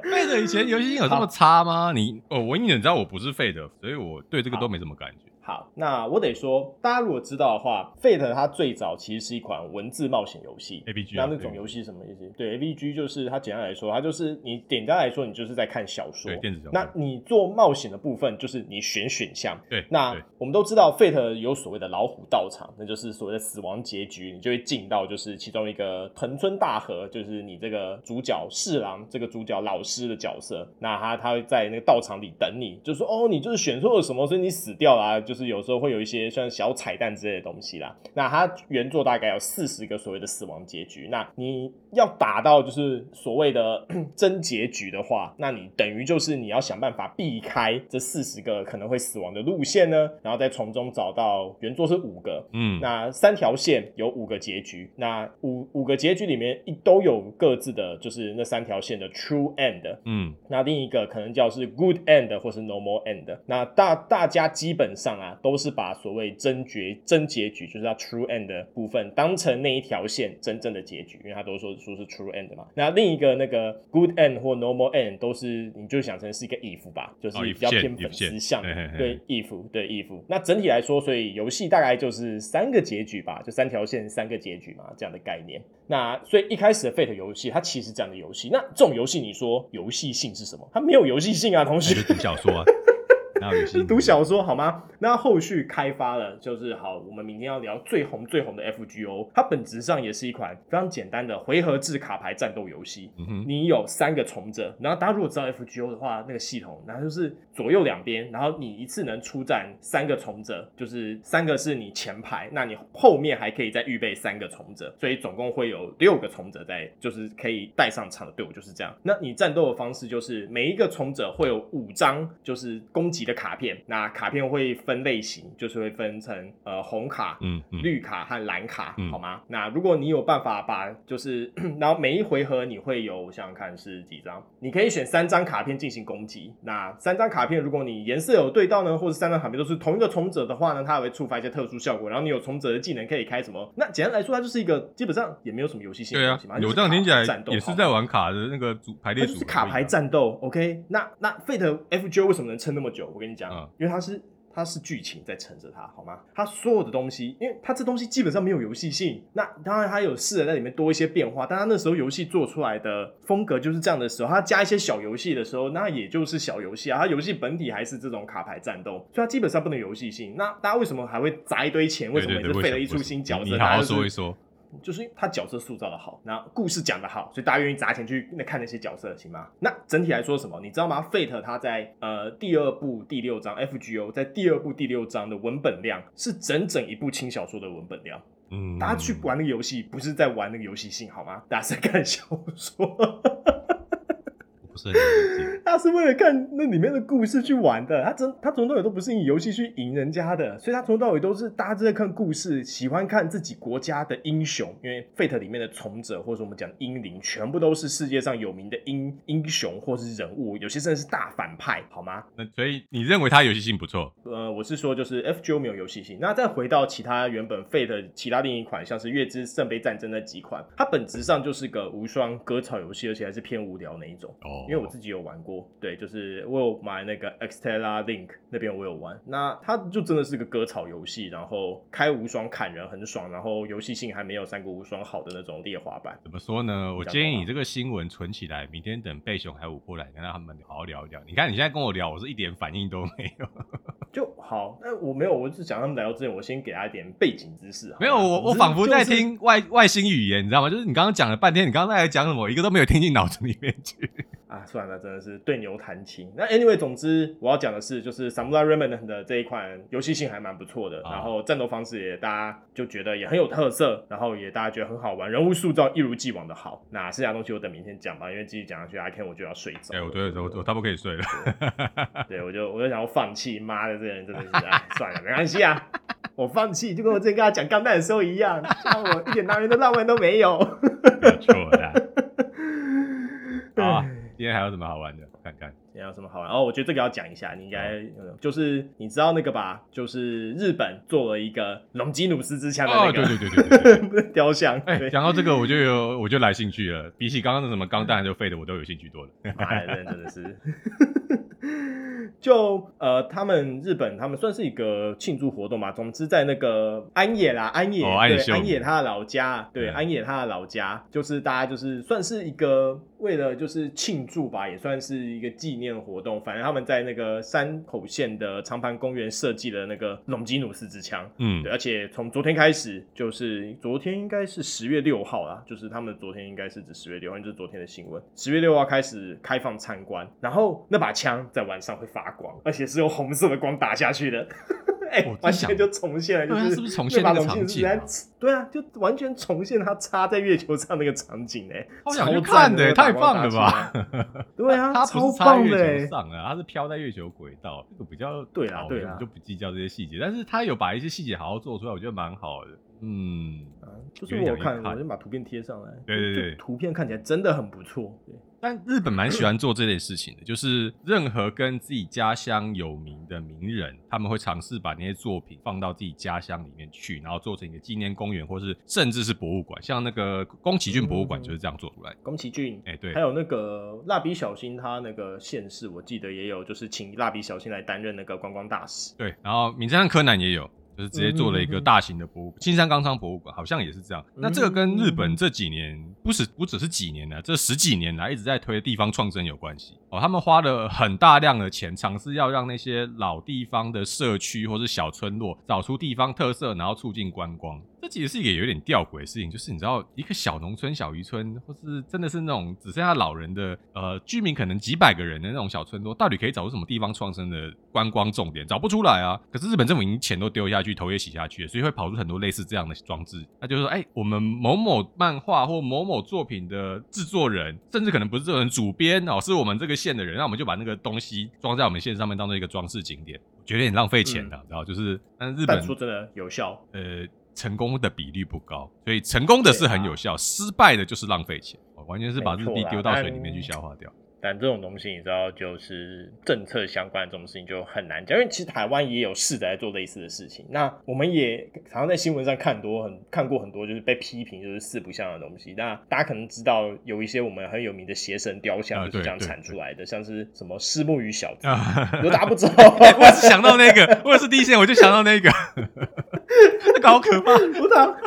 費德 以前遊戲性有這麼差嗎？好你哦，我因為知道我不是費德，所以我對這個好都沒什麼感覺。好，那我得說，大家如果知道的話，Fate 它最早其實是一款文字冒險遊戲。ABG，、啊、那那種遊戲什麼意思？對，對，對，ABG 就是它簡單來說，它就是你簡單來說你就是在看小說。電子小說。那你做冒險的部分就是你選選項。對。那我們都知道 Fate 有所謂的老虎道場，那就是所謂的死亡結局，你就會進到就是其中一個藤村大河，就是你這個主角士郎這個主角老師的角色，那他他會在那個道場裡等你，就說哦你就是選錯了什麼，所以你死掉了就、啊。就是有時候會有一些像小彩蛋之類的東西啦。那它原作大概有四十個所謂的死亡結局。那你，要打到就是所謂的 真結局的話，那你等於就是你要想辦法避開這四十個可能會死亡的路線呢，然後再從中找到原作是五個，嗯，那三條線有五個結局，那五五個結局裡面一都有各自的，就是那三條線的 true end，嗯，那另一個可能叫是 good end 或是 normal end，那大大家基本上啊都是把所謂真結真結局，就是它 true end 的部分當成那一條線真正的結局，因為他都說。說是 true end 嘛，那另一個那個 good end 或 normal end 都是，你就想成是一個 if 吧，就是比較偏本絲向的 if 對 if。那整體來說，所以遊戲大概就是三個結局吧，就三條線三個結局嘛，這樣的概念。那所以一開始的 fate 遊戲它其實這樣的遊戲，那這種遊戲你說遊戲性是什麼？它沒有遊戲性啊，同學小說啊。 是讀小說好嗎？那後續開發了就是好。我們明天要聊最紅最紅的 FGO，它本質上也是一款非常簡單的回合制卡牌戰鬥遊戲。嗯哼，你有三個從者，然後大家如果知道 FGO 的話，那個系統，然後就是左右兩邊，然後你一次能出戰三個從者，就是三個是你前排，那你後面還可以再預備三個從者，所以總共會有六個從者在，就是可以帶上場的隊伍就是這樣。那你戰鬥的方式就是每一個從者會有五張，就是攻擊的。卡片，那卡片會分類型，就是會分成呃紅卡、嗯，嗯綠卡和藍卡，嗯、好嗎？那如果你有辦法把，就是然後每一回合你會有，我想想看是幾張，你可以選三張卡片進行攻擊。那三張卡片，如果你顏色有對到呢，或者三張卡片都是同一個從者的話呢，它會觸發一些特殊效果。然後你有從者的技能可以開什麼？那簡單來說，它就是一個基本上也沒有什麼遊戲性，對啊，有這樣聽起來戰鬥也是在玩卡的那個組排列，就是卡牌戰鬥。啊、OK，那那費 e f j 為什麼能撐那麼久？跟你講，因為它是它是劇情在撐着它，好嗎？它所有的東西，因為它這東西基本上沒有遊戲性。那當然，它有事人在裡面多一些變化。但他那時候遊戲做出來的風格就是這樣的時候，他加一些小遊戲的時候，那也就是小遊戲啊。他遊戲本體還是這種卡牌戰鬥，所以它基本上不能遊戲性。那大家為什麼還會砸一堆錢？對對對，為什麼每次費了一出新角色？你好好說一說。就是他角色塑造的好，那故事講的好，所以大家願意砸錢去那看那些角色，行嗎？那整體來說什麼，你知道嗎？Fate 它在呃第二部第六章 FGO，在第二部第六章的文本量是整整一部輕小說的文本量。嗯，大家去玩那個遊戲，不是在玩那個遊戲性，好嗎？大家是在看小說。 不是， 他是為了看那裡面的故事去玩的，他從他從頭到尾都不是以遊戲去贏人家的，所以他從頭到尾都是大家都在看故事，喜歡看自己國家的英雄，因為 Fate 裡面的從者或者我們講英靈，全部都是世界上有名的英英雄或是人物，有些甚至是大反派，好嗎？那所以你認為他遊戲性不錯？呃，我是說就是 FGO 沒有遊戲性，那再回到其他原本 Fate 其他另一款，像是月之聖杯戰爭那幾款，它本質上就是個無雙割草遊戲，而且還是偏無聊那一種哦。Oh. 因為我自己有玩過，對，就是我有買那個 Extella Link 那邊我有玩，那它就真的是個割草遊戲，然後開無雙砍人很爽，然後遊戲性還沒有三國無雙好的那種劣化版。怎麼說呢？我建議你這個新聞存起來，明天等貝熊還五過來，跟他們好好聊一聊。你看你現在跟我聊，我是一點反應都沒有。 就好，那我沒有，我是想他們來到之前，我先給他一點背景知識。沒有，我我仿佛在聽外、就是、外星語言，你知道嗎？就是你剛剛講了半天，你剛剛在講什麼，我一個都沒有聽進腦子裡面去。啊，算了，真的是對牛彈琴。那 anyway，總之我要講的是，就是 Samurai Remnant 的這一款遊戲性還蠻不錯的，哦、然後戰鬥方式也大家就覺得也很有特色，然後也大家覺得很好玩，人物塑造一如既往的好。那剩下東西我等明天講吧，因為繼續講下去，I can't 我就要睡着。哎、欸，我覺得我都不可以睡了，對， 對我就我就想要放棄，媽的，這個人真的是、 啊、算了，沒關係啊，我放棄，就跟我之前跟他講鋼彈的時候一樣，像我一點男人的浪漫都沒有， 沒錯的，啊 今天還有什麼好玩的？看看。有什麼好玩？哦，我覺得這個要講一下，你應該好、嗯、就是你知道那個吧？就是日本做了一個隆基努斯之槍的那個雕像。哎、欸，對講到這個我就有我就來興趣了。 比起剛剛那什麼鋼彈就廢的，我都有興趣多了。哎、 啊，真的是。 就呃，他們日本他們算是一個慶祝活動吧？總之在那個安野啦，安野安野他的老家，對、嗯、安野他的老家，就是大家就是算是一個為了就是慶祝吧，也算是一個紀念。活動，反正他們在那個山口縣的長盤公園設計了那個隆基努斯之槍，嗯，對，而且從昨天開始，就是昨天應該是十月六號啦，就是他們昨天應該是指十月六號，就是昨天的新聞，十月六號開始開放參觀，然後那把槍在晚上會發光，而且是用紅色的光打下去的。 哎、欸，完全就重現了，哦、就是那個場景，對啊，就完全重現他插在月球上那個場景。哎、欸，好想去看的，的、欸，太棒了吧？ 對啊，他不是插在月球上啊，他是飄在月球軌道，這個比較對啊，我們、啊、就不計較這些細節，但是他有把一些細節好好做出來，我覺得蠻好的。嗯啊，就是我看，好，先把圖片貼上來。對對對，圖片看起來真的很不錯。對，但日本蠻喜歡做這類事情的，嗯、就是任何跟自己家鄉有名的名人，他們會嘗試把那些作品放到自己家鄉裡面去，然後做成一個紀念公園，或是甚至是博物館。像那個宮崎駿博物館就是這樣做出來的。嗯、宮崎駿，哎、欸、對，還有那個蠟筆小新他那個縣市，我記得也有，就是請蠟筆小新來擔任那個觀光大使。對，然後名偵探柯南也有。就是直接做了一個大型的博物館，嗯哼嗯哼，青山剛昌博物館，好像也是這樣。那這個跟日本這幾年嗯哼嗯哼不是不只是幾年的，啊，這十幾年來，啊、一直在推的地方創生有關係哦。他們花了很大量的錢，嘗試要讓那些老地方的社區或是小村落找出地方特色，然後促進觀光。這其實是也有點弔詭的事情，就是你知道一個小農村、小漁村，或是真的是那種只剩下老人的呃居民，可能幾百個人的那種小村落，到底可以找出什麼地方創生的觀光重點？找不出來啊。可是日本政府已經錢都丟下去，頭也洗下去了，所以會跑出很多類似這樣的裝置。那就是說，哎，我們某某漫畫或某某作品的制作人，甚至可能不是這種人，主編哦，是我們這個縣的人，那我們就把那個東西裝在我們縣上面，當做一個裝飾景點，覺得很浪費錢的，然後、嗯、就是，但是日本說真的有效，呃。成功的比率不高，所以成功的是很有效，啊、失敗的就是浪費錢，完全是把日幣丟到水裡面去消化掉。但這種東西，你知道，就是政策相關這種事情就很難講，因為其實台灣也有試著在做類似的事情。那我們也常常在新聞上看很多很看過很多，就是被批評就是四不像的東西。那大家可能知道，有一些我們很有名的邪神雕像就是這樣產出來的，啊，像是什麼虱目魚小子，我打，啊、不走，哎、我是想到那個，我也是第一線，我就想到那個， 那個好可怕，我打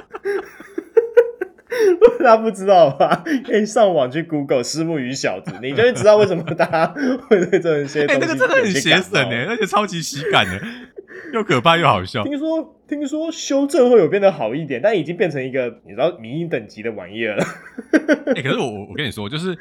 他 不知道吧？可、欸、以上網去 Google“ 石目魚小子”，你就會知道為什麼大家會對這種些。哎、欸，那個真的很邪神呢，而且超級喜感的到，又可怕又好笑。聽說，聽說修正會有變得好一點，但已經變成一個你知道民營等級的玩意了。哎、 欸，可是我我我跟你說，就是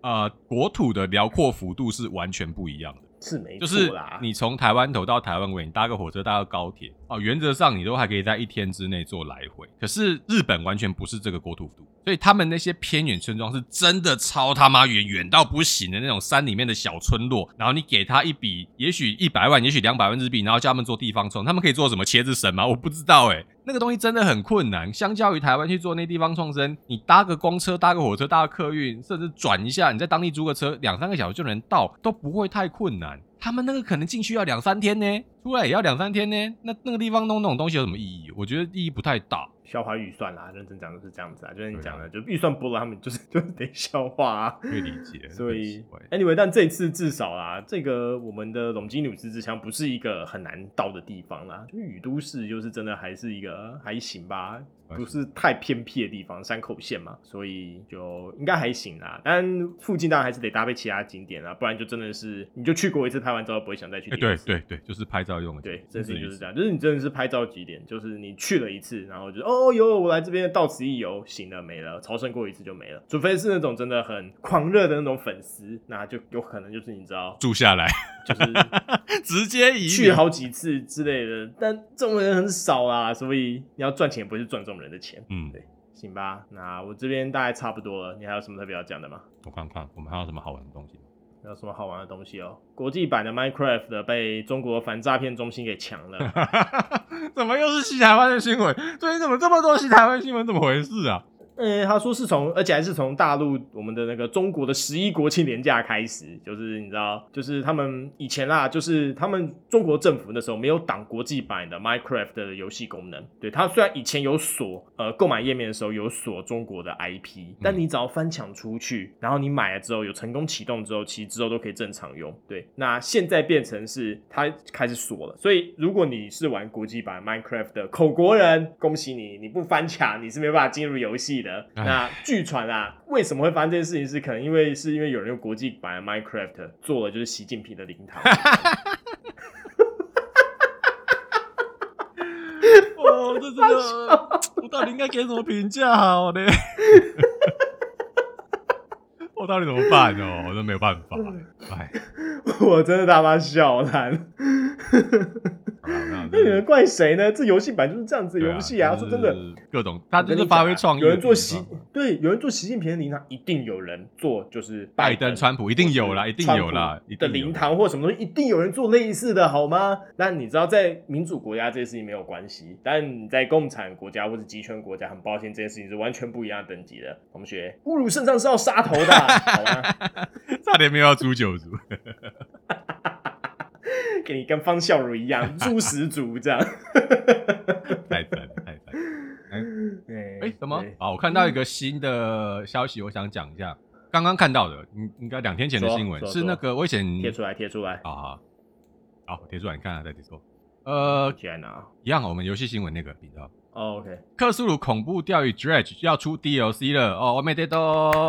啊、呃，國土的遼闊幅度是完全不一樣的。是沒錯，就是你從台灣頭到台灣尾，你搭個火車、搭個高鐵哦，原則上你都還可以在一天之內做來回。可是日本完全不是這個國土度，所以他們那些偏遠村莊是真的超他媽遠，遠到不行的那種山裡面的小村落。然後你給他一筆，也許一百萬，也許兩百萬日幣，然後叫他們做地方創，他們可以做什麼茄子神嗎？我不知道哎、欸。那個東西真的很困難，相較於台灣去做那地方創生，你搭個公車、搭個火車、搭個客運，甚至轉一下，你在當地租個車，兩三個小時就能到，都不會太困難。他們那個可能進去要兩三天呢，出來也要兩三天呢。那那個地方弄那種東西有什麼意義？我覺得意義不太大。消化預算啦，認真講就是這樣子啊，就像你講的，啊、就預算不了他們就是就得消化，啊。越理解，所以 anyway，但這次至少啊，這個我們的隆基努斯之槍不是一個很難到的地方啦，就與都市就是真的還是一個還行吧。不是太偏僻的地方，山口縣嘛，所以就應該還行啦。但附近當然還是得搭配其他景點啦，不然就真的是你就去過一次，拍完之後不會想再去，欸。對對對，就是拍照用的景點。對，真是就是這樣。就是你真的是拍照幾點，就是你去了一次，然後就哦喲，我來這邊到此一遊，行了沒了，朝聖過一次就沒了。除非是那種真的很狂熱的那種粉絲，那就有可能就是你知道住下來。就是直接去好幾次之類的， 但這種人很少啊，所以你要賺錢也不是賺這種人的錢。嗯，對，行吧，那我這邊大概差不多了。你還有什麼特別要講的嗎？我看看，我們還有什麼好玩的東西？還有什麼好玩的東西哦？國際版的 Minecraft 被中國反詐騙中心給搶了。 怎麼又是西台灣的新聞？最近怎麼這麼多西台灣新聞？怎麼回事啊？嗯，他說是從，而且還是從大陸，我們的那個中國的十一國慶連假開始，就是你知道，就是他們以前啦，就是他們中國政府那時候沒有擋國際版的 Minecraft 的遊戲功能。對，他雖然以前有鎖，呃，購買頁面的時候有鎖中國的 IP，但你只要翻牆出去，然後你買了之後有成功啟動之後，其實之後都可以正常用。對，那現在變成是他開始鎖了，所以如果你是玩國際版 Minecraft 的口國人，恭喜你，你不翻牆你是沒有辦法進入遊戲的。唉 那據傳啦，為什麼會發生這件事情？是可能因為是因為有人用國際版 Minecraft 做了就是習近平的靈堂。哦，這真的， 我到底應該給什麼評價好、啊、呢？我、哦 哦、到底怎麼辦哦？我都沒有辦法，哎， 我真的他媽笑慘。 那你能怪誰呢？這遊戲版就是這樣子的遊戲啊！啊是說真的，各種他真的發揮創意有有，有人做習對，有人做習近平的靈堂，一定有人做就是拜登、川普，一定有啦，一定有啦的靈堂或什麼東西，一定有人做類似的，好嗎？那你知道在民主國家這些事情沒有關係，但在共產國家或者極權國家，很抱歉，這件事情是完全不一樣的等級的同學，侮辱聖上是要殺頭的、啊， 好嗎？差點沒有要誅九族。 給你跟方孝孺一樣誅十族這樣， 太煩了，太煩了，哎哎，欸欸、什麼？哦、欸，我看到一個新的消息，嗯、我想講一下，剛剛看到的，應應該兩天前的新聞，是那個我以前貼出來貼出來，好、哦、好，貼出來你看看再貼出呃，天哪一樣？我們遊戲新聞那個比較。你知道 Oh, OK，克蘇魯恐怖釣魚 Dredge 就要出 DLC 了哦，おめでと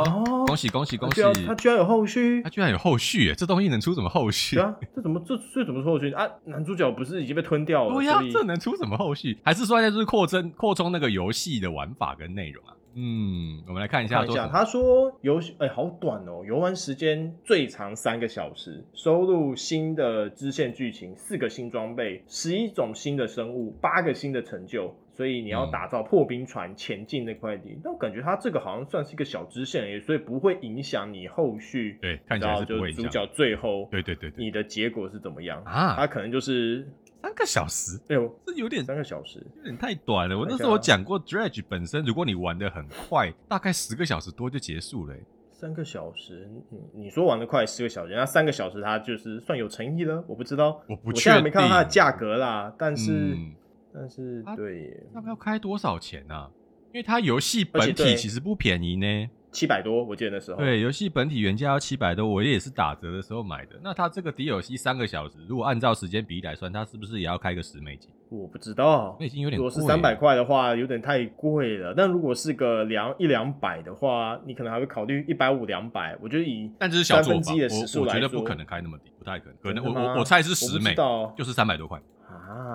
う，恭喜恭喜恭喜他！他居然有後續，他居然有後續，這東西能出什麼後續？對啊，這怎麼這這怎麼出後續啊？男主角不是已經被吞掉了？對呀、啊，這能出什麼後續？還是說就是擴增擴充那個遊戲的玩法跟內容啊？嗯，我們來看一下他說遊戲哎好短哦、喔，遊玩時間最長三個小時，收錄新的支線劇情，四個新裝備，十一種新的生物，八個新的成就。所以你要打造破冰船前進那塊地，但我感覺它這個好像算是一個小支線而已，所以不會影響你後續。對，看起來是不影響。然後就最後，對對對，你的結果是怎麼樣啊？它可能就是三個小時，哎呦，這有點三個小時，有點太短了。我那時候我講過，Dredge 本身如果你玩的很快，大概十個小時多就結束了。三個小時，你說玩的快十個小時，那三個小時它就是算有誠意了？我不知道，我不，我現在沒看到它的價格啦，但是。但是，對耶，那不要開多少錢呢、啊？因為它遊戲本體其實不便宜呢，七百多，我記得那時候。對，遊戲本體原價要七百多，我也是打折的時候買的。那它這個 DLC 三個小時，如果按照時間比例來算，它是不是也要開個十美金？我不知道，那已經有點貴。如果是三百塊的話，有點太貴了。但如果是個兩一兩百的話，你可能還會考慮一百五兩百。我覺得以三分之一的時數來說，我，我覺得不可能開那麼低，不太可能。可能我我我猜是十美，就是三百多塊。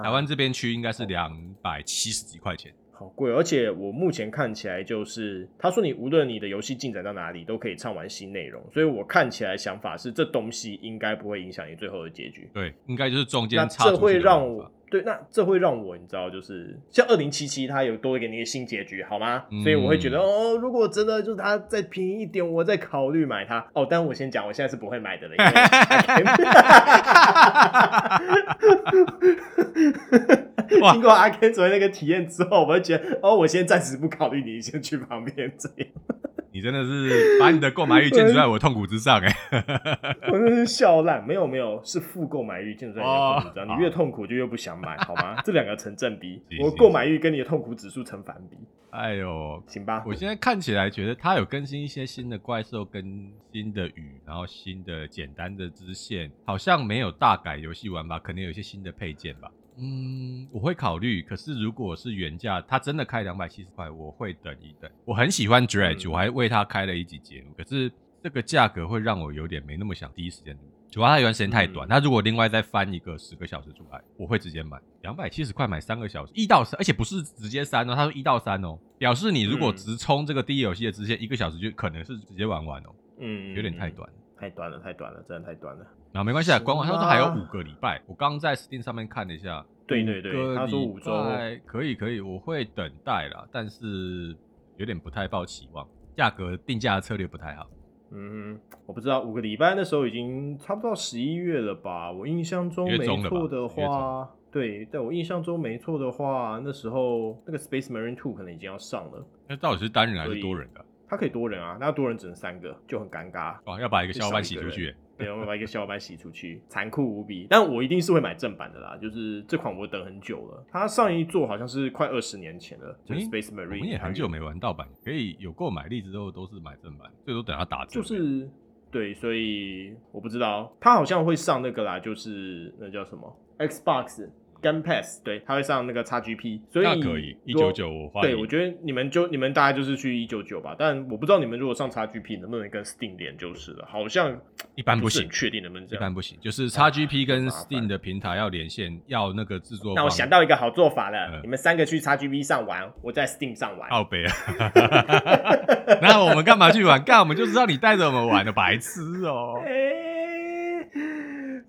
台灣這邊區應該是兩百七十幾塊錢，啊、好貴。而且我目前看起來就是，他說你無論你的遊戲進展到哪裡，都可以暢玩新內容。所以我看起來想法是，這東西應該不會影響你最後的結局。對，應該就是中間差。那這會讓我。對，那這會讓我你知道，就是像二零七七，它有多一個那個新結局，好嗎？所以我會覺得、嗯、哦，如果真的就是它再便宜一點，我再考慮買它。哦，但我先講，我現在是不會買的了。因為經過阿 Ken 昨天那個體驗之後，我會覺得哦，我先暫時不考慮，你先去旁邊這樣。你真的是把你的購買慾建築在我的痛苦之上，哎，我真是笑爛。沒有沒有，是負購買慾建築在你痛苦之上，oh, 你越痛苦就越不想買， 好嗎？這兩個成正比，行行行，我購買慾跟你的痛苦指數成反比。哎呦，行吧。我現在看起來覺得他有更新一些新的怪獸，跟新的雨，然後新的簡單的支線，好像沒有大改遊戲玩法？可能有一些新的配件吧。嗯，我會考慮。可是如果是原價，他真的開兩百七十塊，我會等一等。我很喜歡 DREDGE，、嗯、我還為他開了一集節目。可是這個價格會讓我有點沒那麼想第一時間錄，主要他原時間太短。他、嗯、如果另外再翻一個十個小時出來，我會直接買兩百七十塊買三個小時，一到三，而且不是直接刪哦、喔，他說一到三哦、喔，表示你如果直衝這個 DLC 的，支線一個小時就可能是直接玩完哦、喔。嗯，有點太短，太短了，太短了，真的太短了。那、啊、沒關係啊，官網它都還有五個禮拜。我剛在 Steam 上面看了一下，對對對，他說五周，可以可以，我會等待了，但是有點不太抱期望。價格定價策略不太好。嗯，我不知道，五個禮拜那時候已經差不多到十一月了吧？我印象中沒錯的話，對，在我印象中沒錯的話，那時候那個 Space Marine 2可能已經要上了。那到底是單人還是多人的？他可以多人啊，那多人只能三個，就很尷尬。哦、啊，要把一個小伙伴洗出去、欸。沒有 把一個小夥伴洗出去，殘酷無比。但我一定是會買正版的啦，就是這款我等很久了。它上一作好像是快二十年前了，咩就是《Space Marine》。我們也很久沒玩盜版，可以有購買力之後都是買正版，最多等它打折。就是對，所以我不知道它好像會上那個啦，就是那叫什麼 Xbox。Game Pass 對，他會上那個 XGP，所以那可以一九九我換。對，我覺得你們就你們大概就是去一九九吧，但我不知道你們如果上 XGP 能不能跟 Steam 連，就是了。好像一般不行，確定能不能這樣一不？一般不行，就是 XGP 跟 Steam 的平台要連線，要那個制作。那我想到一個好做法了，嗯、你們三個去 XGP 上玩，我在 Steam 上玩。好悲北啊！那我們幹嘛去玩？幹 我們就知道你帶着我們玩的白痴哦。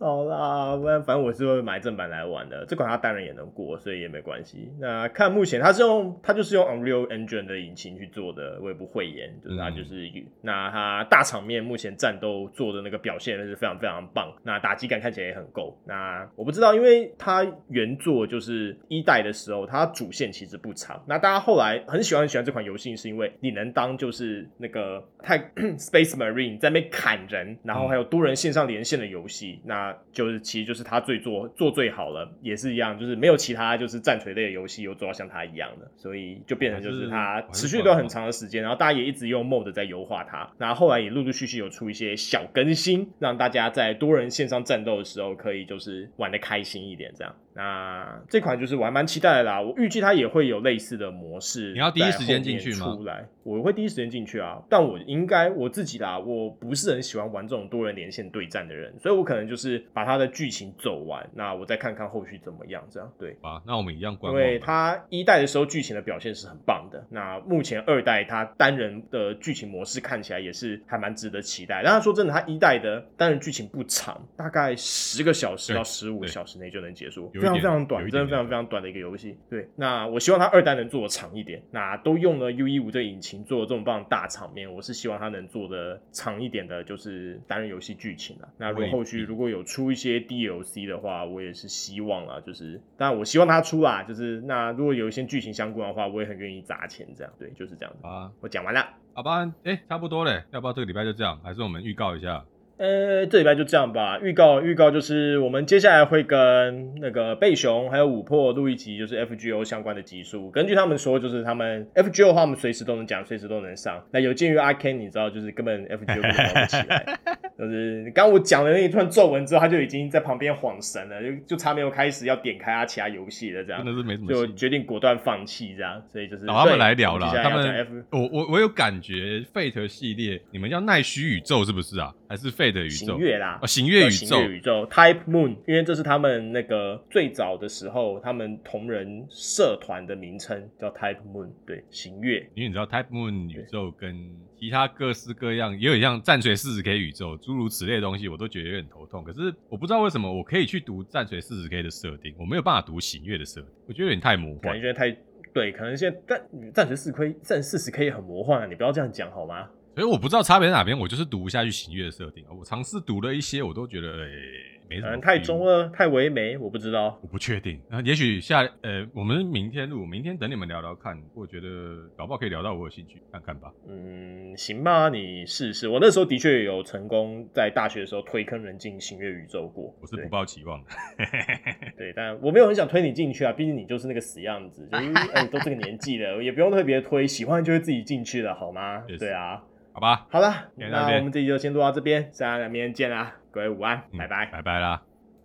好啦，不然反正我是會買正版來玩的，這款它當然也能過，所以也沒關係。那看目前它是用它就是用 Unreal Engine 的引擎去做的，我也不諱言，就是它就是、嗯、那它大場面目前戰鬥做的那個表現是非常非常棒，那打擊感看起來也很夠。那我不知道，因為它原作就是一代的時候，它主線其實不長。那大家後來很喜歡很喜歡這款遊戲，是因為你能當就是那個太 Space Marine 在那邊砍人，然後還有多人線上連線的遊戲。那就是其實就是他最做做最好了，也是一樣，就是沒有其他就是戰錘類的遊戲有做到像他一樣的，所以就變成就是他持續一段很長的時間，然後大家也一直用 mod 在優化它，然後後來也陸陸續續有出一些小更新，讓大家在多人線上戰鬥的時候可以就是玩的開心一點這樣。那這款就是我還蠻期待的啦，我預計它也會有類似的模式。你要第一時間進去嗎？出來，我會第一時間進去啊，但我應該我自己啦，我不是很喜歡玩這種多人連線對戰的人，所以我可能就是把它的劇情走完，那我再看看後續怎麼樣，這樣，對。啊，那我們一樣觀望。因為它一代的時候劇情的表現是很棒的，那目前二代它單人的劇情模式看起來也是還蠻值得期待。但他說真的，他一代的單人劇情不長，大概十個小時到十五個小時內就能結束。非常非常短，點點真的非常非常短的一個遊戲。點點對，那我希望它二代能做的長一點。那都用了 UE 5這個引擎做這麼棒的大場面，我是希望它能做的長一點的，就是單人遊戲劇情了。那如果後續如果有出一些 DLC 的話，我也是希望啊，就是但我希望它出啊，就是那如果有一些劇情相關的話，我也很願意砸錢這樣。對，就是這樣子啊。我講完了，好吧、啊，哎、啊欸，差不多了，要不要這個禮拜就這樣？還是我們預告一下？呃，這禮拜就這樣吧。預告預告，就是我們接下來會跟那個貝熊還有五破錄一集，就是 FGO 相關的集數。根據他們說，就是他們 FGO 的話，我們隨時都能講，隨時都能上。那有鑑於阿 Ken，你知道，就是根本 FGO 聊不起來， 就是剛剛我講的那一串咒文之後，他就已經在旁邊晃神了，就就差沒有開始要點開啊其他遊戲了，這樣，就決定果斷放棄這樣。所以就是老他們來聊了，他們講 F 他們，我我我有感覺 Fate 系列，你們叫奈須宇宙是不是啊？還是 Fate。的宇宙行月啦，哦，行月宇宙，行月宇宙 Type Moon，因為這是他們那個最早的時候，他們同人社團的名稱叫 Type Moon。對，行月，因為你知道 Type Moon 宇宙跟其他各式各樣，對也有像《戰錘四十 K》宇宙，諸如此類的東西，我都覺得有點頭痛。可是我不知道為什麼，我可以去讀《戰錘四十 K》的設定，我沒有辦法讀行月的設定，我覺得有點太魔幻，感覺太，對，可能現在戰《戰戰錘四 K》、《戰四十 K》很魔幻啊，你不要這樣講好嗎？所以、欸、我不知道差別在哪邊，我就是讀不下去《型月》的設定。我嘗試讀了一些，我都覺得哎、欸，沒什麼、嗯，太中二，太唯美，我不知道，我不確定。啊、呃，也許下，呃，我們明天，錄，明天等你們聊聊看。我覺得搞不好可以聊到我有興趣，看看吧。嗯，行吧，你試試。我那時候的確有成功在大學的時候推坑人進《型月》宇宙過。我是不抱期望的。對， 對，但我沒有很想推你進去啊，畢竟你就是那個死樣子，就哎、欸，都這個年紀了，也不用特別推，喜歡就會自己進去了，好嗎？Yes. 對啊。好吧，好了，那我們這集就先錄到這邊，大家明天見啦，各位午安，嗯、拜拜，拜拜啦。